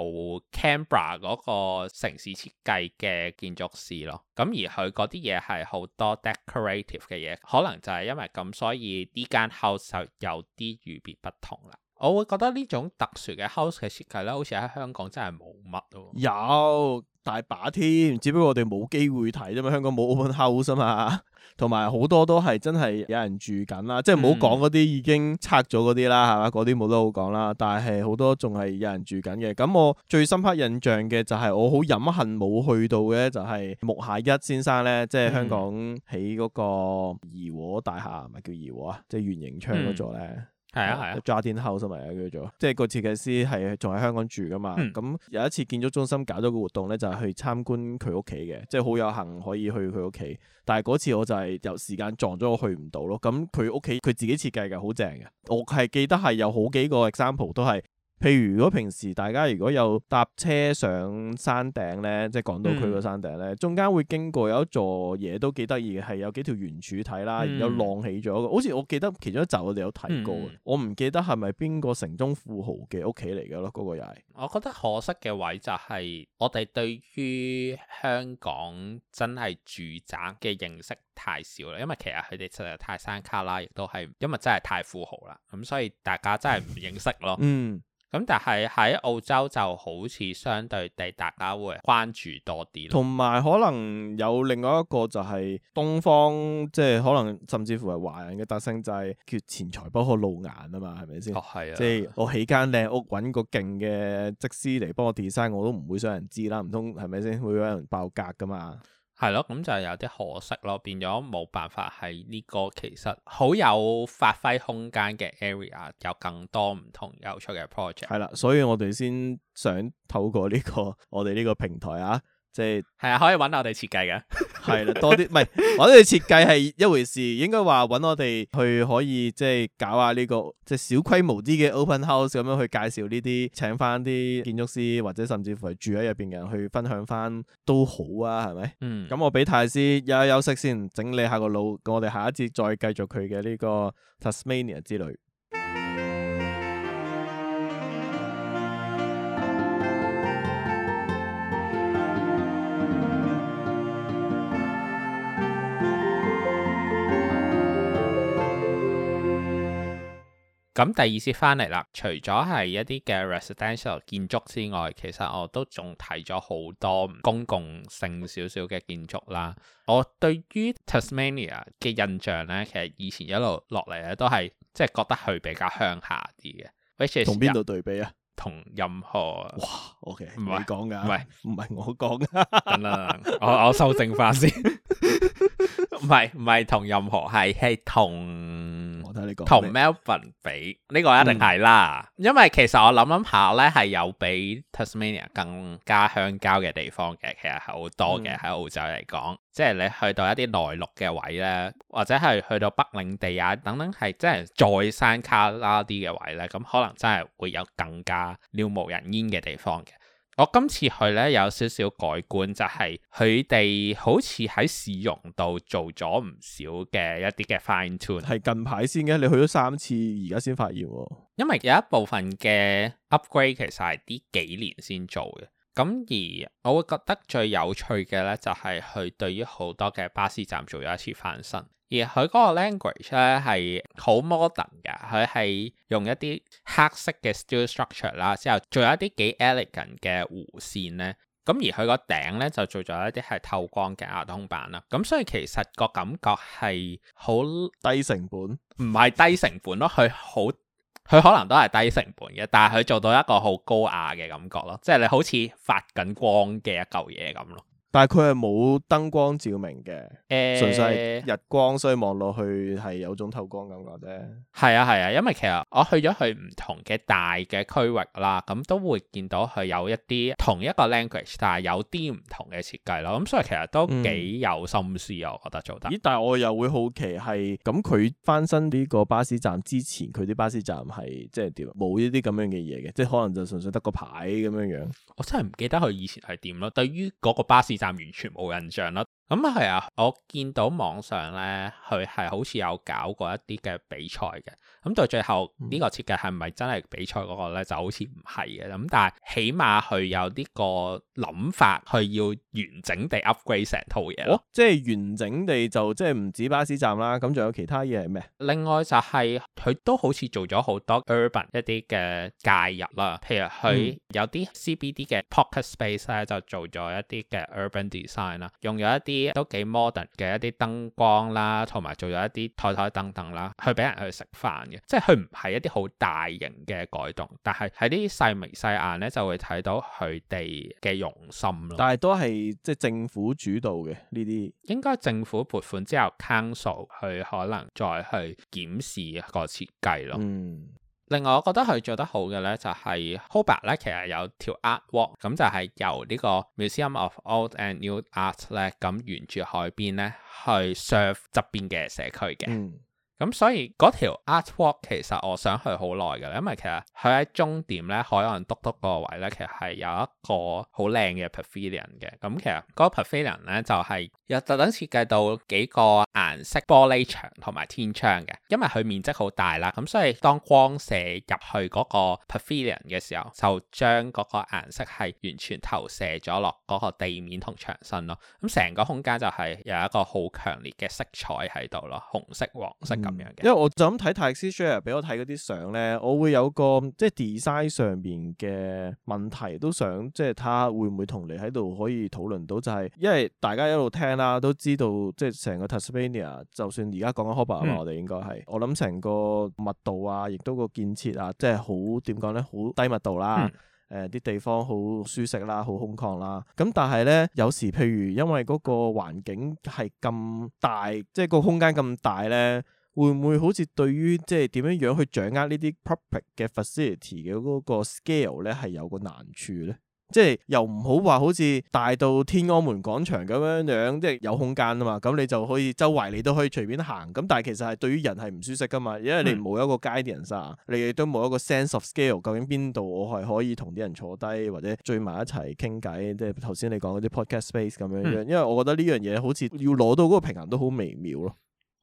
Canberra 嗰個城市設計嘅建築師咯，咁而佢嗰啲嘢係好多 decorative 嘅嘢，可能就係係因為咁，所以呢間 house 就有啲與別不同啦。我會覺得呢種特殊嘅 house 嘅設計咧，好似喺香港真係冇乜咯，有大把添，只不過我哋冇機會睇啫嘛。香港冇 open house 啊嘛。同埋好多都係真係有人住緊啦，即係唔好講嗰啲已經拆咗嗰啲啦，係嘛、嗯。嗰啲冇得好講啦。但係好多仲係有人住緊嘅。咁我最深刻印象嘅就係我好飲恨冇去到嘅就係木下一先生咧，嗯、即係香港起嗰個怡和大廈，係咪叫怡和啊？即係圓形窗嗰座咧。嗯係啊係啊，Garden House、啊、叫做，即係個設計師係仲喺香港住噶嘛。咁、嗯嗯、有一次建築中心搞咗個活動咧，就係去參觀佢屋企嘅，即係好有幸可以去佢屋企。但係嗰次我就係有時間撞咗我去唔到咯。咁佢屋企佢自己設計嘅，好正嘅。我係記得係有好幾個 example 都係。譬如如果平時大家如果有搭車上山頂咧，即係港島區個山頂咧，嗯、中間會經過有一座嘢都幾得意嘅，係有幾條圓柱體啦，有、嗯、浪起咗嘅。好似我記得其中一集我哋有提過，嗯、我唔記得係咪邊個城中富豪嘅屋企嚟嘅咯，嗰、嗯、個又係。我覺得可惜嘅位就係我哋對於香港真係住宅嘅認識太少啦，因為其實佢哋實在太山卡啦，亦都係因為真係太富豪啦，咁所以大家真係唔認識咯。 嗯。咁但係喺澳洲就好似相對地大家會關注多啲，同埋可能有另外一個就係東方，即係可能甚至乎係華人嘅特性就係叫錢財不可露眼啊嘛，係咪先？哦，係啊，即係我起間靚屋，搵個勁嘅則師嚟幫我 design，我都唔會想人知啦，唔通係咪先會有人爆格噶嘛？係咯，咁就有啲可惜咯，變咗冇辦法喺呢個其實好有發揮空間嘅 area 有更多唔同有趣嘅 project。係啦，所以我哋先想透過呢個我哋呢個平台啊。即係係啊，可以搵我哋設計嘅，係 啦，多啲唔係搵我哋設計係一回事，應該話搵我哋去可以即係搞下、這、呢個即係小規模啲嘅 open house 咁樣去介紹呢啲，請翻啲建築師或者甚至乎係住喺入邊嘅人去分享翻都好啊，係咪？嗯，咁我俾泰斯休息先，整理下個腦，我哋下一節再繼續佢嘅呢個 Tasmania 之旅。咁第二次翻嚟啦，除咗係一啲嘅 residential 建築之外，其實我都仲睇咗好多公共性少少嘅建築啦。我對於 Tasmania 嘅印象咧，其實以前一路落嚟咧都係即係覺得佢比較鄉下啲嘅，同邊度對比啊？同任何，哇，OK，唔係你講噶，唔係唔係我講噶。等等，我我修正翻先，唔係唔係同任何，係係同同 Melbourne 比呢、呢個一定係啦，嗯、因為其實我諗諗下呢係有比 Tasmania 更加鄉郊嘅地方嘅，其實係好多嘅喺澳洲嚟講，嗯、即係你去到一啲內陸嘅位呢，或者係去到北領地啊等等，係即係再山卡拉啲嘅位呢，咁、嗯、可能真係會有更加渺無人煙嘅地方嘅。我今次去咧有少少改觀，就係佢哋好似喺市容度做咗唔少嘅一啲嘅 fine tune。係近排先嘅，你去咗三次，哦，而家先發現喎。因為有一部分嘅 upgrade 其實係呢幾年先做嘅。咁而我會覺得最有趣嘅咧，就係佢對於好多嘅巴士站做咗一次翻新，而佢嗰個 language 咧係好 modern 㗎，佢係用一啲黑色嘅 steel structure 啦，之後做一啲幾 elegant 嘅弧線咧，咁而佢個頂咧就做咗一啲係透光嘅壓通板啦，咁所以其實個感覺係好低成本，唔係低成本咯，佢好。佢可能都係低成本嘅，但係佢做到一個好高雅嘅感覺咯，即係你好似發緊光嘅一嚿嘢咁咯。但係佢係冇燈光照明嘅，欸、純粹日光，所以望落去係有種透光感覺啫。係啊，係啊，因為其實我去咗去唔同嘅大嘅區域啦，咁都會見到佢有一啲同一個 language，但係有啲唔同嘅設計咯。咁所以其實都幾有心思啊，嗯、我覺得做得。咦？但係我又會好奇係咁佢翻新呢個巴士站之前，佢啲巴士站係即係點？冇呢啲咁樣嘅嘢嘅，即係可能就純粹得個牌咁樣樣。我真係唔記得佢以前係點咯。對於嗰個巴士站。完全冇印象啦～咁啊係啊，我見到網上咧，佢係好似有搞過一啲嘅比賽嘅。咁到最後呢、嗯、個設計係唔係真係比賽個咧？就好似唔係嘅，咁但係起碼佢有呢個諗法，去要完整地 upgrade 成套嘢。咯、哦，即係完整地就即係唔止巴士站啦，咁仲有其他嘢係咩？另外就係、是、佢都好似做咗好多 urban 一啲嘅介入啦。譬如佢有啲 CBD 嘅 pocket space 咧，就做咗一啲嘅 urban design 啦，用咗一啲。都幾 modern 嘅一啲燈光啦，同埋做咗一啲台台等等啦，去俾人去食飯嘅，即係佢唔係一啲好大型嘅改動，但係喺啲細眉細眼咧就會睇到佢哋嘅用心咯。但係都係即係政府主導嘅呢啲，應該政府撥款之後 council 去可能再去檢視個設計咯。嗯。另外，我覺得佢做得好嘅咧，就係 Hobart 咧，其實有條 Art Walk，咁就係由呢個 Museum of Old and New Art 咧，咁沿住海邊咧去 serve 側邊嘅社區嘅。嗯。咁所以條 artwork 其實我想去好耐喇，因為其實佢喺終點咧海岸篤篤個位咧，其實係有一個好靚嘅 pavilion 嘅。咁其實個 pavilion 咧就係、是、又特登設計到幾個顏色玻璃牆同埋天窗嘅，因為佢面積好大啦。咁所以當光射入去個 pavilion 嘅時候，就將個顏色係完全投射咗落個地面同牆身咯。咁成個空間就係有一個好強烈嘅色彩喺度咯，紅色、黃色。嗯咁樣嘅，因為我就咁睇泰迪斯 share 俾我睇嗰啲相咧，我會有個即係 design 上面嘅問題，都想即係睇下會唔會同你喺度可以討論到、就係。就係因為大家一路聽啦，都知道即係成個 Tasmania 就算而家講緊 Hobart 啊嘛，我哋應該係我諗成個密度啊，亦都個建設啊，即係好點講咧，好低密度啦，誒啲、嗯呃、地方好舒適啦，好空曠啦。咁但係咧，有時譬如因為嗰個環境係咁大，即、就、係、是、個空間咁大咧。會唔會好似對於即係點樣樣去掌握呢啲 property 嘅 facility 嘅嗰個 scale 咧，係有個難處咧？即係又唔好話好似大到天安門廣場咁樣樣，即係有空間啊嘛。咁你就可以周圍你都可以隨便行。咁但係其實係對於人係唔舒適噶嘛，因為你冇一個 guidance 啊，你亦都冇一個 sense of scale，究竟邊度我係可以同啲人坐低或者聚埋一齊傾偈。即係頭先你講嗰啲 podcast space 咁樣樣，嗯、因為我覺得呢樣嘢好似要攞到嗰個平衡都好微妙咯。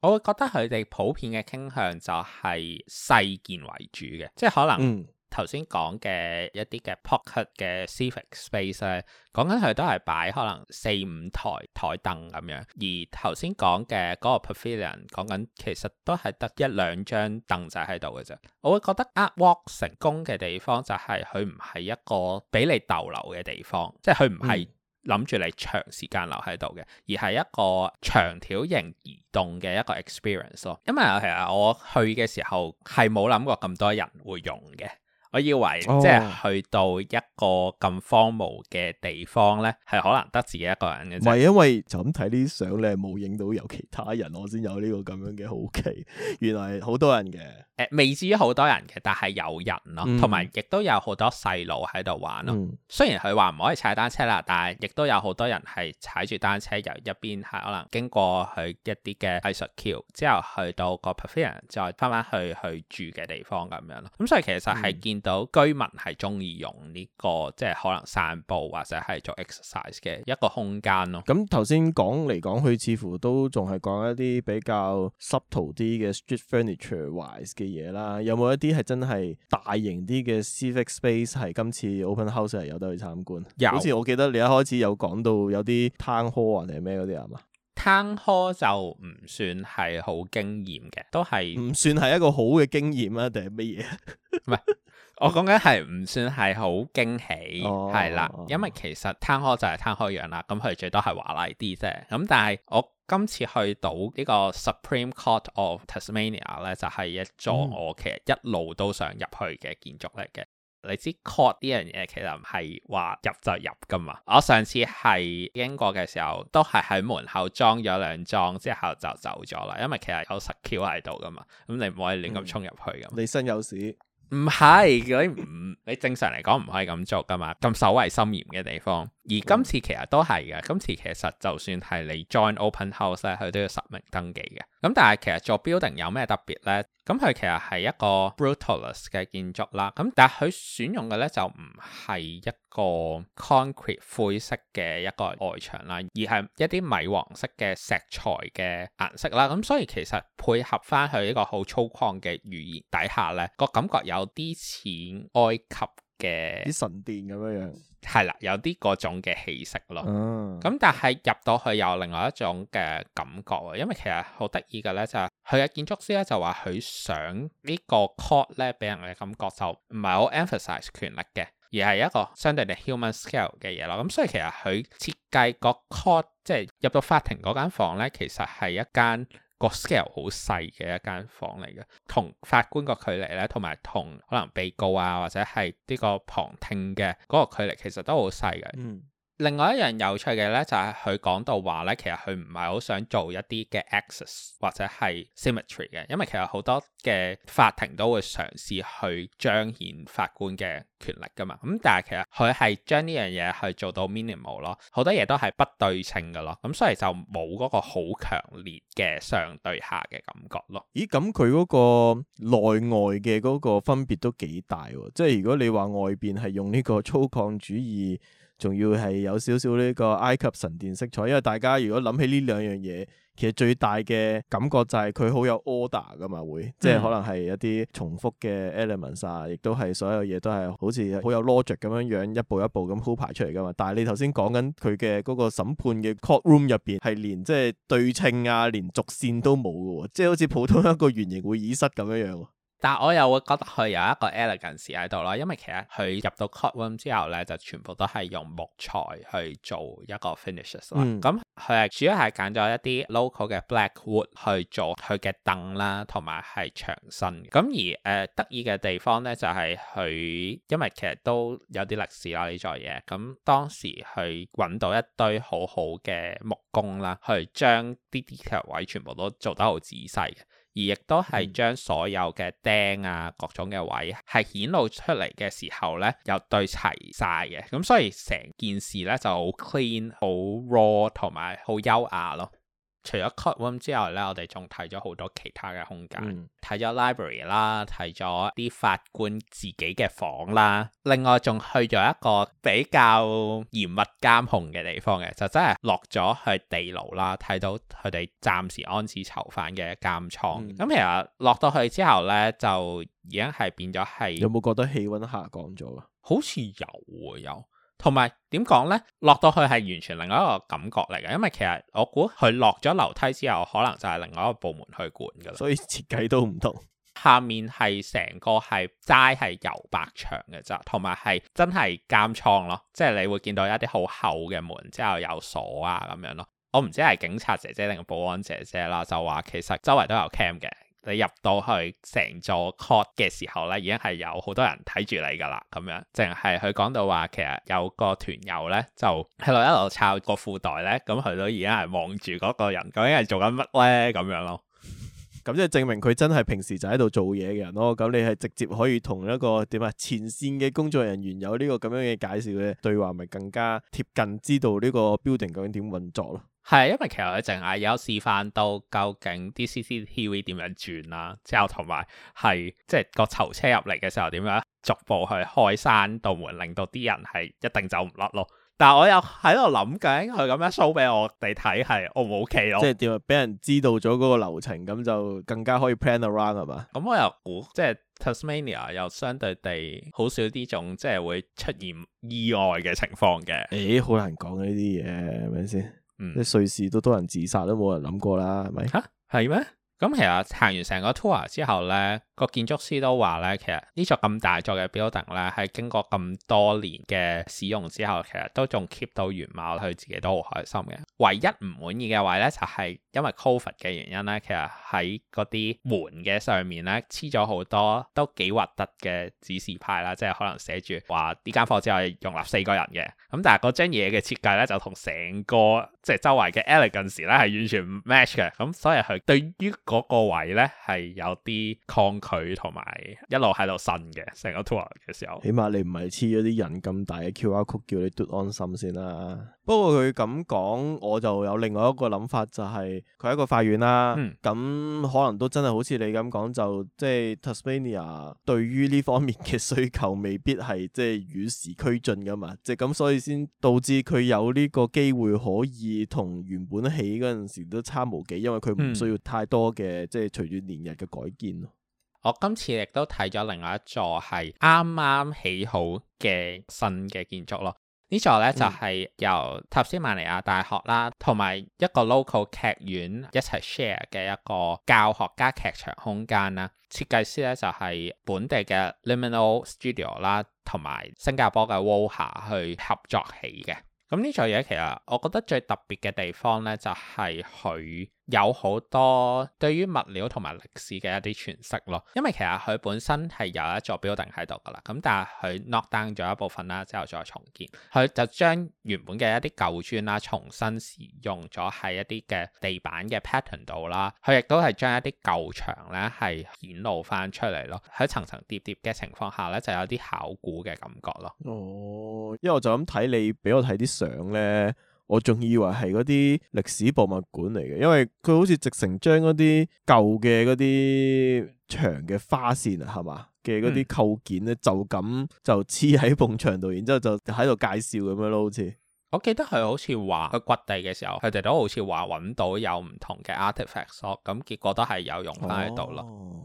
我會覺得佢哋普遍嘅傾向就係細件為主嘅，即係可能頭先講嘅一啲嘅 Pocket 嘅 Civic Space 咧，講緊佢都係擺可能四五台台凳咁樣，而頭先講嘅嗰個 Pavilion 講緊其實都係得一兩張凳仔喺度嘅啫。我會覺得 Up Walk 成功嘅地方就係佢唔係一個俾你逗留嘅地方，即係佢唔係。諗住你長時間留喺度嘅，而係一個長條型移動嘅一個 experience 咯。因為其實我去嘅時候係冇諗過咁多人會用嘅。我以為、哦、即係去到一個咁荒蕪嘅地方咧，係可能得自己一個人嘅啫。唔係，因為就咁睇啲相，你冇影到有其他人，我先有呢個咁樣嘅好奇。原來好多人嘅誒、呃，未至於好多人嘅，但係有人咯、啊，同埋亦都有好多細路喺度玩咯、啊。嗯、雖然佢話唔可以踩單車啦，但係亦都有好多人係踩住單車由入邊係可能經過佢一啲嘅藝術橋，之後去到個 perfian 再返返去去住嘅地方咁樣咯。咁所以其實係見到居民係中意用呢，這個即係可能散步或者係做 exercise 嘅一個空間咯。咁頭先講嚟講去，似乎都仲係講一啲比較 subtle 啲嘅 street furniture wise 嘅嘢啦。有冇一啲係真係大型啲嘅 civic space 係今次 open house 係有得去參觀？有好似我記得你一開始有講到有啲 town hall 啊定係咩嗰啲啊嘛？攤開就唔算係好驚豔嘅，都係唔算係一個好嘅經驗啊，定係乜嘢？唔 係，我講緊係唔算係好驚喜，係啦、哦，因為其實攤開就係攤開樣啦，咁佢最多係華麗啲啫。咁但係我今次去到呢個 Supreme Court of Tasmania 咧，就係、是、一座我其實一路都想入去嘅建築嚟嘅。嗯你知 call 呢樣嘢其實唔係話入就入噶嘛，我上次係英國嘅時候都係喺門口裝咗兩裝之後就走咗啦，因為其實有 secure 喺度噶嘛，咁、嗯嗯、你唔可以亂咁衝入去噶。你身有屎？唔係，你唔你正常嚟講唔可以咁做噶嘛，咁守衞森嚴嘅地方。而今次其實都係嘅，今次其實就算係你 join open house 咧，佢都要實名登記嘅。咁但係其實做 building 有咩特別咧？咁佢其實係一個 brutalist 嘅建築啦。咁但係佢選用嘅咧就唔係一個 concrete 灰色嘅一個外牆啦，而係一啲米黃色嘅石材嘅顏色啦。咁所以其實配合翻佢呢個好粗獷嘅語言底下咧，個感覺有啲似埃及。嘅啲的神殿咁樣樣，係啦，有啲嗰種嘅氣息咯。咁、嗯、但係入到去有另外一種嘅感覺，因為其實好得意嘅咧，就係佢嘅建築師咧就話佢想呢個 court 咧俾人嘅感覺就唔係好 emphasize 權力嘅，而係一個相對地 human scale 嘅嘢咯。咁所以其實佢設計個 court 即係入到法庭嗰間房咧，其實係一間。個 scale 好細嘅一間房嚟嘅，同法官個距離咧，同埋同可能被告啊，或者係呢個旁聽嘅嗰個距離，其實都好細嘅。嗯。另外一樣有趣嘅咧，就係佢講到話咧，其實佢唔係好想做一啲嘅 axis 或者係 symmetry 嘅，因為其實好多嘅法庭都會嘗試去彰顯法官嘅權力噶嘛。咁但係其實佢係將呢樣嘢去做到 minimal 咯，好多嘢都係不對稱噶咯。咁所以就冇嗰個好強烈嘅上對下嘅感覺咯。咦？咁佢嗰個內外嘅嗰個分別都幾大，哦，即係如果你話外邊係用呢個粗獷主義。仲要係有少少呢個埃及神殿色彩。因為大家如果諗起呢兩樣嘢，其實最大嘅感覺就係佢好有 order 噶嘛，會，即係可能係一啲重複嘅 elements 啊，亦都係所有嘢都係好似好有 logic 咁樣樣一步一步咁鋪排出嚟噶嘛。但係你頭先講緊佢嘅嗰個審判嘅 court room 入邊，係連即係對稱啊，連軸線都冇㗎，即係好似普通一個圓形會議室咁樣樣。但我又會覺得佢有一個 elegance 喺度咯，因為其實佢入到 court room 之後咧，就全部都係用木材去做一個 finishes 啦。咁佢係主要係揀咗一啲 local 嘅 black wood 去做佢嘅凳啦，同埋係牆身。咁而誒、呃、得意嘅地方咧，就係、是、佢因為其實都有啲歷史啦呢座嘢。咁當時佢揾到一堆好好嘅木工啦，去將啲 detail 位全部都做得好仔細嘅。而亦都係將所有嘅釘啊，各種嘅位係顯露出嚟嘅時候咧，又對齊晒嘅，咁所以成件事咧就好 clean、好 raw 同埋好優雅咯。除咗 courtroom 之外咧，我哋仲睇咗好多其他嘅空間，睇咗、嗯、library 啦，睇咗啲法官自己嘅房啦，嗯、另外仲去咗一個比較嚴密監控嘅地方嘅，就真係落咗去地牢啦，睇到佢哋暫時安置囚犯嘅監倉。咁其實落到去之後咧，就已經係變咗係有冇覺得氣温下降咗啊？好似有喎，有。同埋點講呢？落到去係完全另外一個感覺嚟嘅，因為其實我估佢落咗樓梯之後，可能就係另外一個部門去管噶啦，所以設計都唔同。下面係成個係齋係油白牆嘅咋，同埋係真係監倉咯，即係你會見到一啲好厚嘅門之後有鎖啊咁樣咯。我唔知係警察姐姐定保安姐姐啦，就話其實周圍都有 cam 嘅。你入到去成座 court 嘅時候咧，已經係有好多人睇住你噶啦，咁樣。淨係佢講到話，其實有個團友咧，就喺度一落抄個褲袋咧，咁佢都而家係望住嗰個人，究竟係做緊乜咧咁樣咯？咁 即係證明佢真係平時就喺度做嘢嘅人咯。咁你係直接可以同一個點啊，前線嘅工作人員有呢個咁樣嘅介紹嘅對話，咪更加貼近知道呢個 building 究竟點運作咯。係，因為其實佢淨係有示範到究竟啲 CCTV 點樣轉啦、啊，之後同埋係即係個囚車入嚟嘅時候點樣逐步去開山道門，令到啲人係一定走唔甩咯。但係我又喺度諗緊佢咁樣 show 俾我哋睇係 O 唔 O K 咯，即係點啊？俾人知道咗嗰個流程，咁就更加可以 plan around 吖嘛？咁、嗯、我又估即係 Tasmania 又相對地好少呢種即係會出現意外嘅情況嘅。誒、哎，好難講呢啲嘢，係咪先？嗯，瑞士都多人自殺都冇人諗過啦，係咪？吓、啊，係咩？咁其實行完成個 tour 之後咧，個建築師都話咧，其實呢座咁大座嘅 building 咧，係經過咁多年嘅使用之後，其實都仲 keep 到原貌，佢自己都好開心嘅。唯一唔滿意嘅位咧，就係、是、因為 COVID 嘅原因咧，其實喺嗰啲門嘅上面咧，黐咗好多都幾核突嘅指示牌啦，即係可能寫住話呢間房只係容納四個人嘅。咁但係嗰張嘢嘅設計咧，就同成個。即係周圍嘅 elegance 咧，係完全唔 match 嘅，咁所以係對於嗰個位咧，係有啲抗拒同埋一路喺度呻嘅成個 tour 嘅時候。起碼你唔係黐咗啲人咁大嘅 QR code 叫你嘟安心先啦。嗯、不過佢咁講我就有另外一個諗法、就是，就係佢係一個法院啦、啊。咁、嗯、可能都真係好似你咁講就即係 Tasmania 對於呢方面嘅需求未必係即係與時俱進噶嘛。即係咁，所以先導致佢有呢個機會可以。同原本起嗰陣時都差無幾，因為佢唔需要太多嘅，嗯、即係隨住年日嘅改建咯。我今次亦都睇咗另外一座係啱啱起好嘅新嘅建築咯。座呢座咧就係、是、由塔斯曼尼亞大學啦，同埋一個 local 劇院一齊 share 嘅一個教學加劇場空間啊。設計師咧就係、是、本地嘅 Liminal Studio 啦，同埋新加坡嘅 WOHA 去合作起嘅。咁呢座嘢其實，我覺得最特別嘅地方咧，就係佢。有好多對於物料同埋歷史嘅一啲詮釋咯，因為其實佢本身係有一座 building 喺度噶啦，咁但係佢 knock down 咗一部分啦，之後再重建，佢就將原本嘅一啲舊磚啦，重新使用咗喺一啲嘅地板嘅 pattern 度啦，佢亦都係將一啲舊牆咧係顯露翻出嚟咯，喺層層疊疊嘅情況下咧就有啲考古嘅感覺咯。哦，因為我就咁睇你俾我睇啲相咧。我仲以為係嗰啲歷史博物館嚟嘅，因為佢好似直成將嗰啲舊嘅嗰啲牆嘅花線啊，係嘛嘅嗰啲構件咧，就咁就黐喺埲牆度，然之後就喺度介紹咁樣咯，好似我記得佢好似話佢掘地嘅時候，佢哋都好似話搵到有唔同嘅 artifact 咁，結果都係有用翻喺度咯。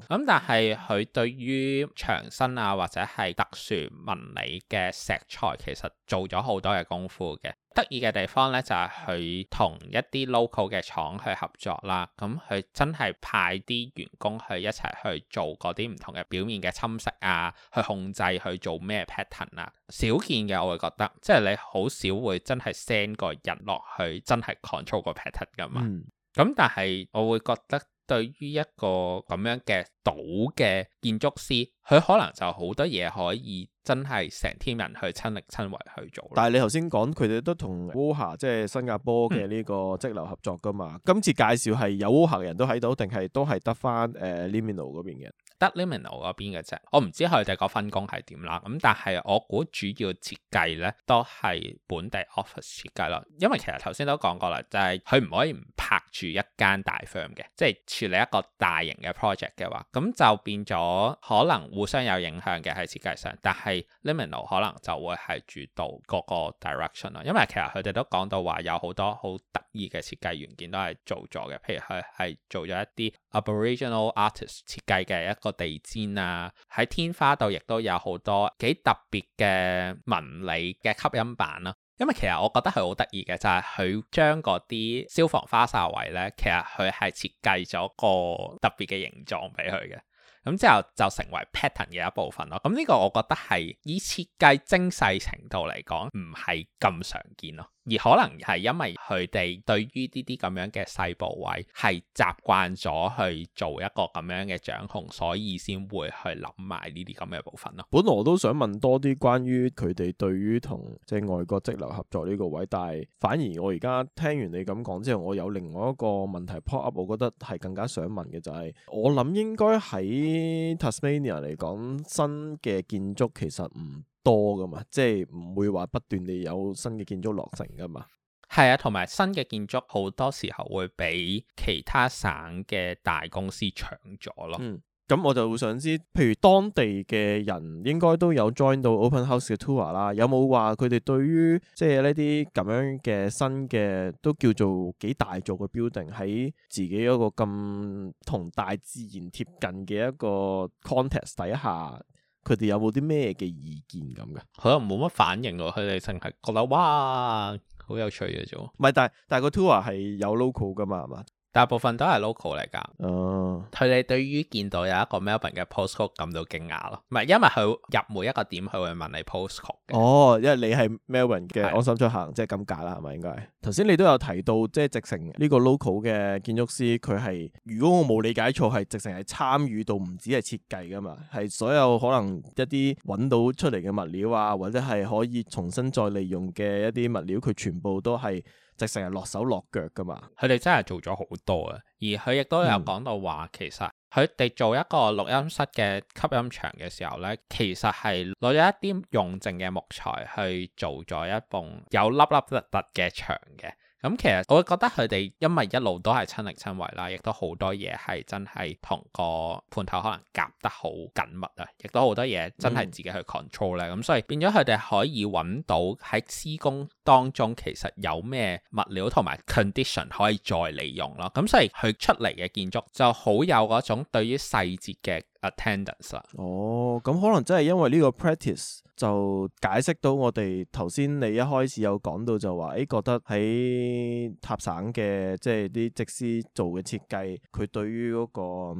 咁、哦、但係佢對於牆身啊或者係特殊紋理嘅石材，其實做咗好多嘅功夫嘅。得意嘅地方咧，就係佢同一啲 local 嘅廠去合作啦。咁佢真係派啲員工去一齊去做嗰啲唔同嘅表面嘅侵蝕啊，去控制去做咩 pattern 啊。少見嘅，我會覺得，即係你好少會真係 send 個人落去，真係 control 個 pattern 噶嘛。咁、嗯、但係我會覺得，對於一個咁樣嘅島嘅建築師，佢可能就好多嘢可以。真係成 team 人去親力親為去做，但係你頭先講佢哋都同 WOHA 即係新加坡嘅呢個積流合作㗎嘛？嗯、今次介紹係有 WOHA 人都喺度，定係都係得返誒 Limino 嗰邊嘅？得 Liminal 嗰邊嘅啫，我唔知佢哋個分工係點啦。咁但係我估主要設計咧都係本地 office 設計咯，因為其實頭先都講過啦，就係佢唔可以唔拍住一間大 firm 嘅，即係處理一個大型嘅 project 嘅話，咁就變咗可能互相有影響嘅喺設計上。但係 Liminal 可能就會係主導嗰個 direction 咯，因為其實佢哋都講到話有好多好得意嘅設計元件都係做咗嘅，譬如佢係做咗一啲 Aboriginal artist 設計嘅一個。地氈啊，喺天花度亦都有好多幾特別嘅紋理嘅吸音板啦、啊。因為其實我覺得佢好得意嘅，就係、是、佢將嗰啲消防花灑位咧，其實佢係設計咗個特別嘅形狀俾佢嘅。咁之後就成為 pattern 嘅一部分咯。咁呢個我覺得係以設計精細程度嚟講，唔係咁常見咯。而可能係因為佢哋對於呢啲咁樣嘅細部位係習慣咗去做一個咁樣嘅掌控，所以先會去諗埋呢啲咁嘅部分咯。本來我都想問多啲關於佢哋對於同即係外國積流合作呢個位，但係反而我而家聽完你咁講之後，我有另外一個問題 pop up，我覺得係更加想問嘅就係，我諗應該喺 Tasmania 嚟講，新嘅建築其實唔多噶嘛，即係唔會話不斷地有新嘅建築落成噶嘛。係啊，同埋新嘅建築好多時候會俾其他省嘅大公司搶咗咯。嗯，咁我就會想知，譬如當地嘅人應該都有 join 到 Open House 嘅 tour 啦，有冇話佢哋對於即係呢啲咁樣嘅新嘅都叫做幾大座嘅 building 喺自己一個咁同大自然貼近嘅一個 context 底下？佢哋有冇啲咩嘅意見咁噶？可能冇乜反應咯，佢哋淨係覺得哇，好有趣嘅啫。唔係，但係但係個 tour 係有 local 噶嘛，係嘛？大部分都係 local 嚟噶，佢哋、oh. 對於見到有一個 Melbourne 嘅 postcode 感到驚訝咯，唔係因為佢入每一個點佢會問你 postcode 哦，因為你係 Melbourne 嘅安心出行，即係咁解啦，係咪應該？頭先你都有提到，即係直情呢個 local 嘅建築師，佢係如果我冇理解錯，係直情係參與到唔止係設計噶嘛，係所有可能一啲揾到出嚟嘅物料啊，或者係可以重新再利用嘅一啲物料，佢全部都係。直成日落手落腳噶嘛，佢哋真係做咗好多啊！而佢亦都有講到話，其實佢哋做一個錄音室嘅吸音牆嘅時候咧，其實係攞咗一啲用剩嘅木材去做咗一棟有凹凹凸凸嘅牆嘅。咁其實我覺得佢哋因為一路都係親力親為啦，亦都好多嘢係真係同個判頭可能夾得好緊密啊，亦都好多嘢真係自己去 control 咧。咁、嗯、所以變咗佢哋可以揾到喺施工當中其實有咩物料同埋 condition 可以再利用咯。咁所以佢出嚟嘅建築就好有嗰種對於細節嘅 attendance 啦。哦，咁可能真係因為呢個 practice。就解釋到我哋頭先你一開始有講到就話，誒覺得喺塔省嘅即係啲設計師做嘅設計，佢對於嗰、那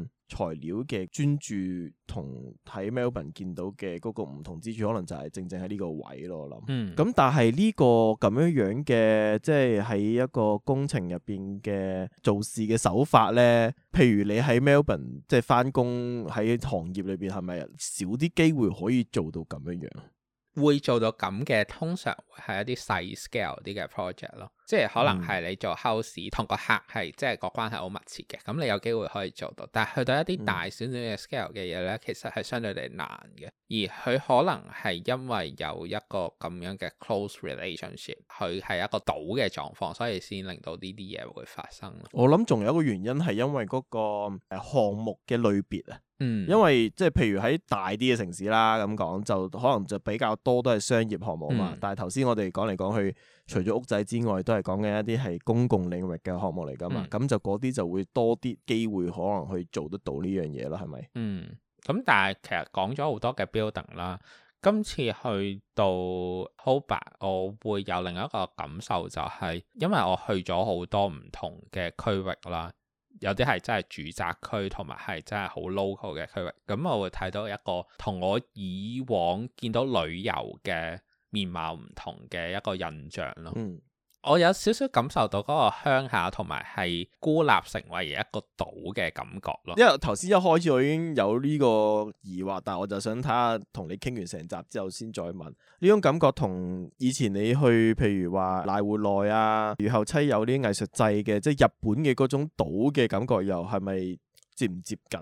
個。材料嘅專注同喺 Melbourne 見到嘅嗰個唔同之處，可能就係正正喺呢個位咯。我諗。嗯。咁但係呢個咁樣樣嘅，即係喺一個工程入邊嘅做事嘅手法咧，譬如你喺 Melbourne 即係返工喺行業裏邊，係咪少啲機會可以做到咁樣樣？會做到咁嘅，通常係一啲細 scale 啲嘅 project 咯。即係可能係你做 house 同個客係即係個關係好密切嘅，咁你有機會可以做到。但係去到一啲大少少嘅 scale 嘅嘢咧，其實係相對嚟難嘅。而佢可能係因為有一個咁樣嘅 close relationship，佢係一個島嘅狀況，所以先令到呢啲嘢會發生。我諗仲有一個原因係因為嗰個誒項目嘅類別啊，嗯、因為即係譬如喺大啲嘅城市啦，咁講就可能就比較多都係商業項目嘛。嗯、但係頭先我哋講嚟講去。除咗屋仔之外，都係講緊一啲係公共領域嘅項目嚟噶嘛，咁、嗯、就嗰啲就會多啲機會可能去做得到呢樣嘢啦，係咪？嗯。咁但係其實講咗好多嘅 building 啦，今次去到 Hobart 我會有另一個感受就係因為我去咗好多唔同嘅區域啦，有啲係真係住宅區同埋係真係好 local 嘅區域，咁我會睇到一個同我以往見到旅遊嘅。面貌唔同嘅一個印象咯，嗯、我有少少感受到嗰個鄉下同埋係孤立成為一個島嘅感覺咯。因為頭先一開始我已經有呢個疑惑，但係我就想睇下同你傾完成集之後先再問呢種感覺，同以前你去譬如話賴活內啊、魚後妻有啲藝術祭嘅，即係日本嘅嗰種島嘅感覺，又係咪接唔接近，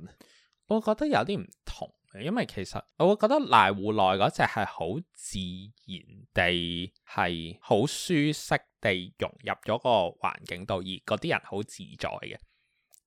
我覺得有啲唔同。因為其實我會覺得瀨戶內嗰隻係好自然地係好舒適地融入咗個環境度，而嗰啲人好自在嘅。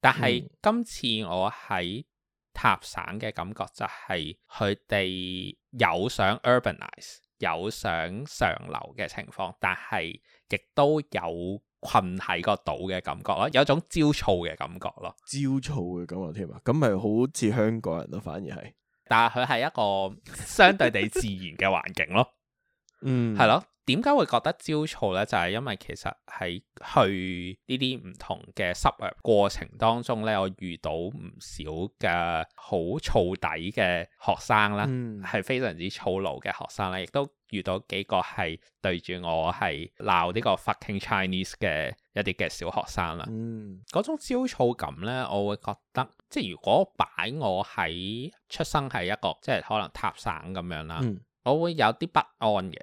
但係今次我喺塔省嘅感覺就係佢哋有想 urbanize 有想上樓嘅情況，但係亦都有困喺個島嘅感覺咯，有種焦躁嘅感覺咯，焦躁嘅感覺添啊，咁咪好似香港人咯，啊，反而係。但係佢係一個相對地自然嘅環境咯， 嗯，係咯。點解會覺得焦躁呢？就係、是、因為其實喺去呢啲唔同嘅 subject 過程當中呢，我遇到唔少嘅好燥底嘅學生啦，係、嗯、非常之燥怒嘅學生啦，亦都遇到幾個係對住我係鬧呢個 fucking Chinese 嘅一啲嘅小學生啦。嗯，嗰種焦躁感呢，我會覺得。即係如果擺我喺出生係一個即係可能塔省咁樣啦，嗯、我會有啲不安嘅，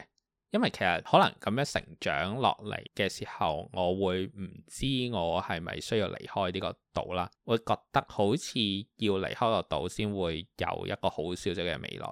因為其實可能咁樣成長落嚟嘅時候，我會唔知我係咪需要離開呢個島啦，我會覺得好似要離開個島先會有一個好少少嘅未來。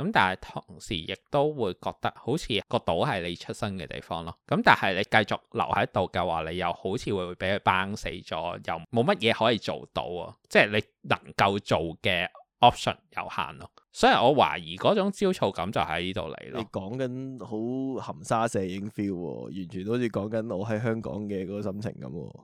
咁、嗯、但係同時亦都會覺得好似個島係你出生嘅地方咯，咁但係你繼續留喺度嘅話，你又好似會俾佢綁死咗，又冇乜嘢可以做到啊！即係你能夠做嘅 option 有限咯，所以我懷疑嗰種焦躁感就喺呢度嚟咯。你講緊好含沙射影 feel，完全好似講緊我喺香港嘅嗰個心情咁。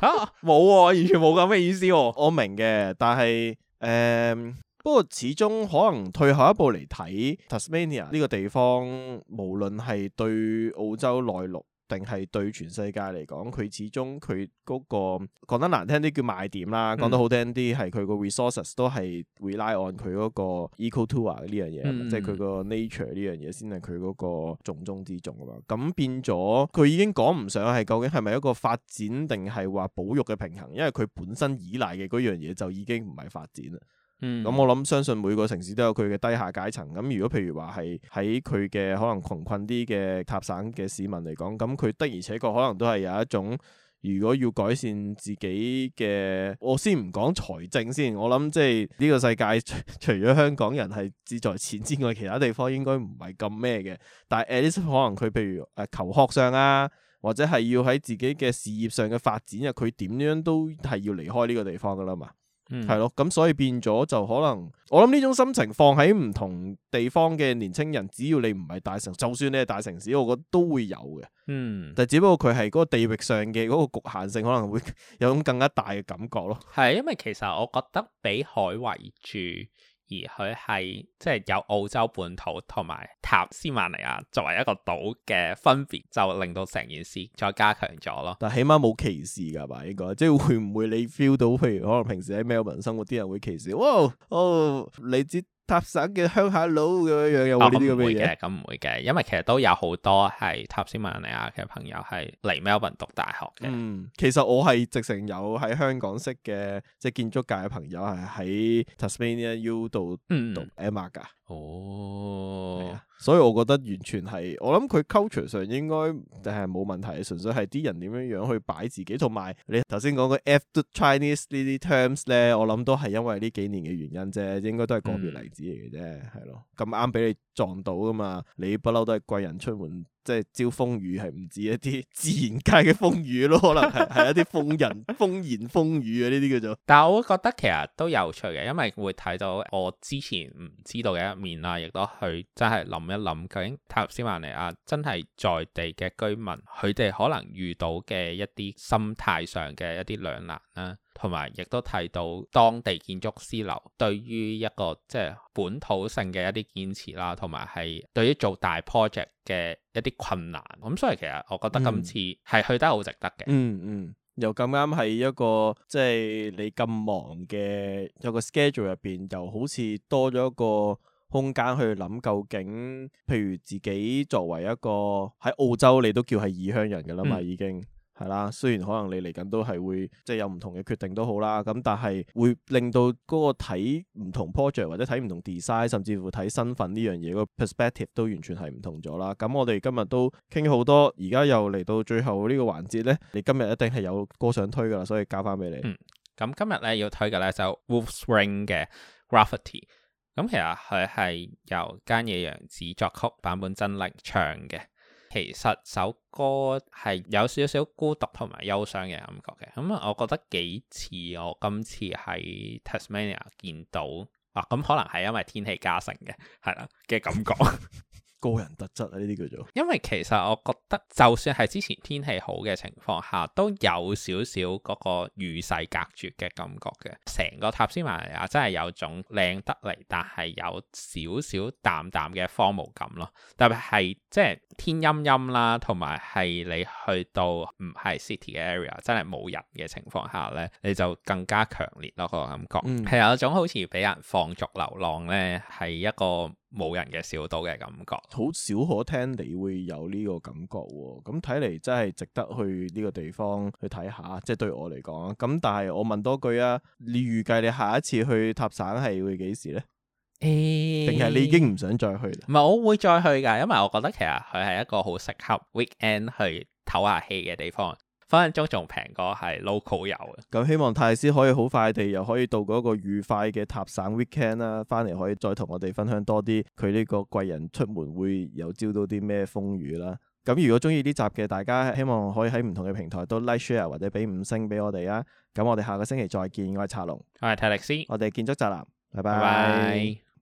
嚇，冇喎、哦，完全冇咁嘅意思喎、哦。我明嘅，但係誒。嗯不過始終可能退後一步嚟睇，Tasmania 呢個地方，無論係對澳洲內陸定係對全世界嚟講，佢始終佢嗰個講得難聽啲叫賣點啦，講、嗯、得好聽啲係佢個 resources 都係 rely on 佢嗰個 eco tour 呢樣嘢，er 嗯、即係佢個 nature 呢樣嘢先係佢嗰個重中之重啊嘛。咁變咗佢已經講唔上係究竟係咪一個發展定係話保育嘅平衡，因為佢本身依賴嘅嗰樣嘢就已經唔係發展啦。咁、嗯、我諗相信每個城市都有佢嘅低下階層。咁如果譬如話係喺佢嘅可能窮困啲嘅塔省嘅市民嚟講，咁佢的而且確可能都係有一種，如果要改善自己嘅，我先唔講財政先。我諗即係呢個世界除除咗香港人係志在錢之外，其他地方應該唔係咁咩嘅。但係至少可能佢譬如誒、呃、求學上啊，或者係要喺自己嘅事業上嘅發展啊，佢點樣都係要離開呢個地方噶啦嘛。係咯，咁、嗯、所以變咗就可能，我諗呢種心情放喺唔同地方嘅年青人，只要你唔係大城市，就算你係大城市，我覺得都會有嘅。嗯，但只不過佢係嗰個地域上嘅嗰個局限性，可能會有種更加大嘅感覺咯、嗯。係，因為其實我覺得畀海圍住。而佢係即係有澳洲本土同埋塔斯曼尼亞作為一個島嘅分別，就令到成件事再加強咗咯。但起碼冇歧視噶吧？應該即係會唔會你 feel 到？譬如，可能平時喺 Melbourne 生活啲人會歧視，哇哦，你知。塔省嘅鄉下佬咁樣樣、哦，呢啲會嘅，咁唔會嘅，因為其實都有好多係塔斯曼尼亞嘅朋友係嚟墨爾本讀大學嘅。嗯，其實我係直情有喺香港識嘅，即係建築界嘅朋友係喺 Tasmania U 度讀 MBA 㗎。嗯哦、oh.，所以我覺得完全係，我諗佢 culture 上應該係冇問題，純粹係啲人點樣樣去擺自己同埋你頭先講個 after Chinese 呢啲 terms 咧,我諗都係因為呢幾年嘅原因啫，應該都係個別例子嚟嘅啫，係咯、mm.。咁啱俾你撞到噶嘛，你不嬲都係貴人出門。即係招風雨，係唔止一啲自然界嘅風雨咯，可能係係 一啲風人、風言風語啊呢啲叫做。 但係我覺得其實都有趣嘅，因為會睇到我之前唔知道嘅一面啊。亦都去真係諗一諗，究竟塔斯曼尼亞真係在地嘅居民，佢哋可能遇到嘅一啲心態上嘅一啲兩難啦、啊。同埋，亦都提到當地建築師樓對於一個即係、就是、本土性嘅一啲堅持啦，同埋係對於做大 project 嘅一啲困難。咁所以其實我覺得今次係去得好值得嘅。嗯嗯，又咁啱係一個即係、就是、你咁忙嘅有個 schedule 入邊，又好似多咗一個空間去諗究竟，譬如自己作為一個喺澳洲，你都叫係異鄉人㗎啦嘛，已經、嗯。係啦，雖然可能你嚟緊都係會即係有唔同嘅決定都好啦，咁但係會令到嗰個睇唔同 project 或者睇唔同 design，甚至乎睇身份呢樣嘢個 perspective 都完全係唔同咗啦。咁我哋今日都傾好多，而家又嚟到最後個環節，呢個環節咧，你今日一定係有歌想推噶啦，所以交翻俾你。嗯，咁今日咧要推嘅咧就 Wolf's Rain 嘅 Gravity。咁其實佢係由菅野洋子作曲，坂本真綾唱嘅。其實首歌係有少少孤獨同埋憂傷嘅感覺嘅，咁啊，我覺得幾似我今次喺 Tasmania 見到啊，咁可能係因為天氣加成嘅，係啦嘅感覺。 個人特質啊，呢啲叫做，因為其實我覺得，就算係之前天氣好嘅情況下，都有少少嗰個與世隔絕嘅感覺嘅。成個塔斯曼尼亞真係有種靚得嚟，但係有少少淡淡嘅荒蕪感咯。特別係即係天陰陰啦，同埋係你去到唔係 city 嘅 area，真係冇人嘅情況下咧，你就更加強烈咯、嗰個感覺，係、嗯、有一種好似俾人放逐流浪咧，係一個。冇人嘅小島嘅感覺，好少可聽你會有呢個感覺。啊，咁睇嚟真係值得去呢個地方去睇下，即係對我嚟講，咁但係我問多句啊，你預計你下一次去塔省係會幾時呢？定係、欸、你已經唔想再去啦？唔係，我會再去噶，因為我覺得其實佢係一個好適合 weekend 去唞下氣嘅地方。分鐘仲平過係 local 遊嘅，咁希望泰迪斯可以好快地又可以到嗰個愉快嘅塔省 weekend 啦，翻嚟，可以再同我哋分享多啲佢呢個貴人出門會有招到啲咩風雨啦。咁如果中意呢集嘅，大家希望可以喺唔同嘅平台都 like share 或者俾五星俾我哋啊。咁我哋下個星期再見，我係查龍，我係泰迪斯，我哋建築宅男，拜拜。Bye bye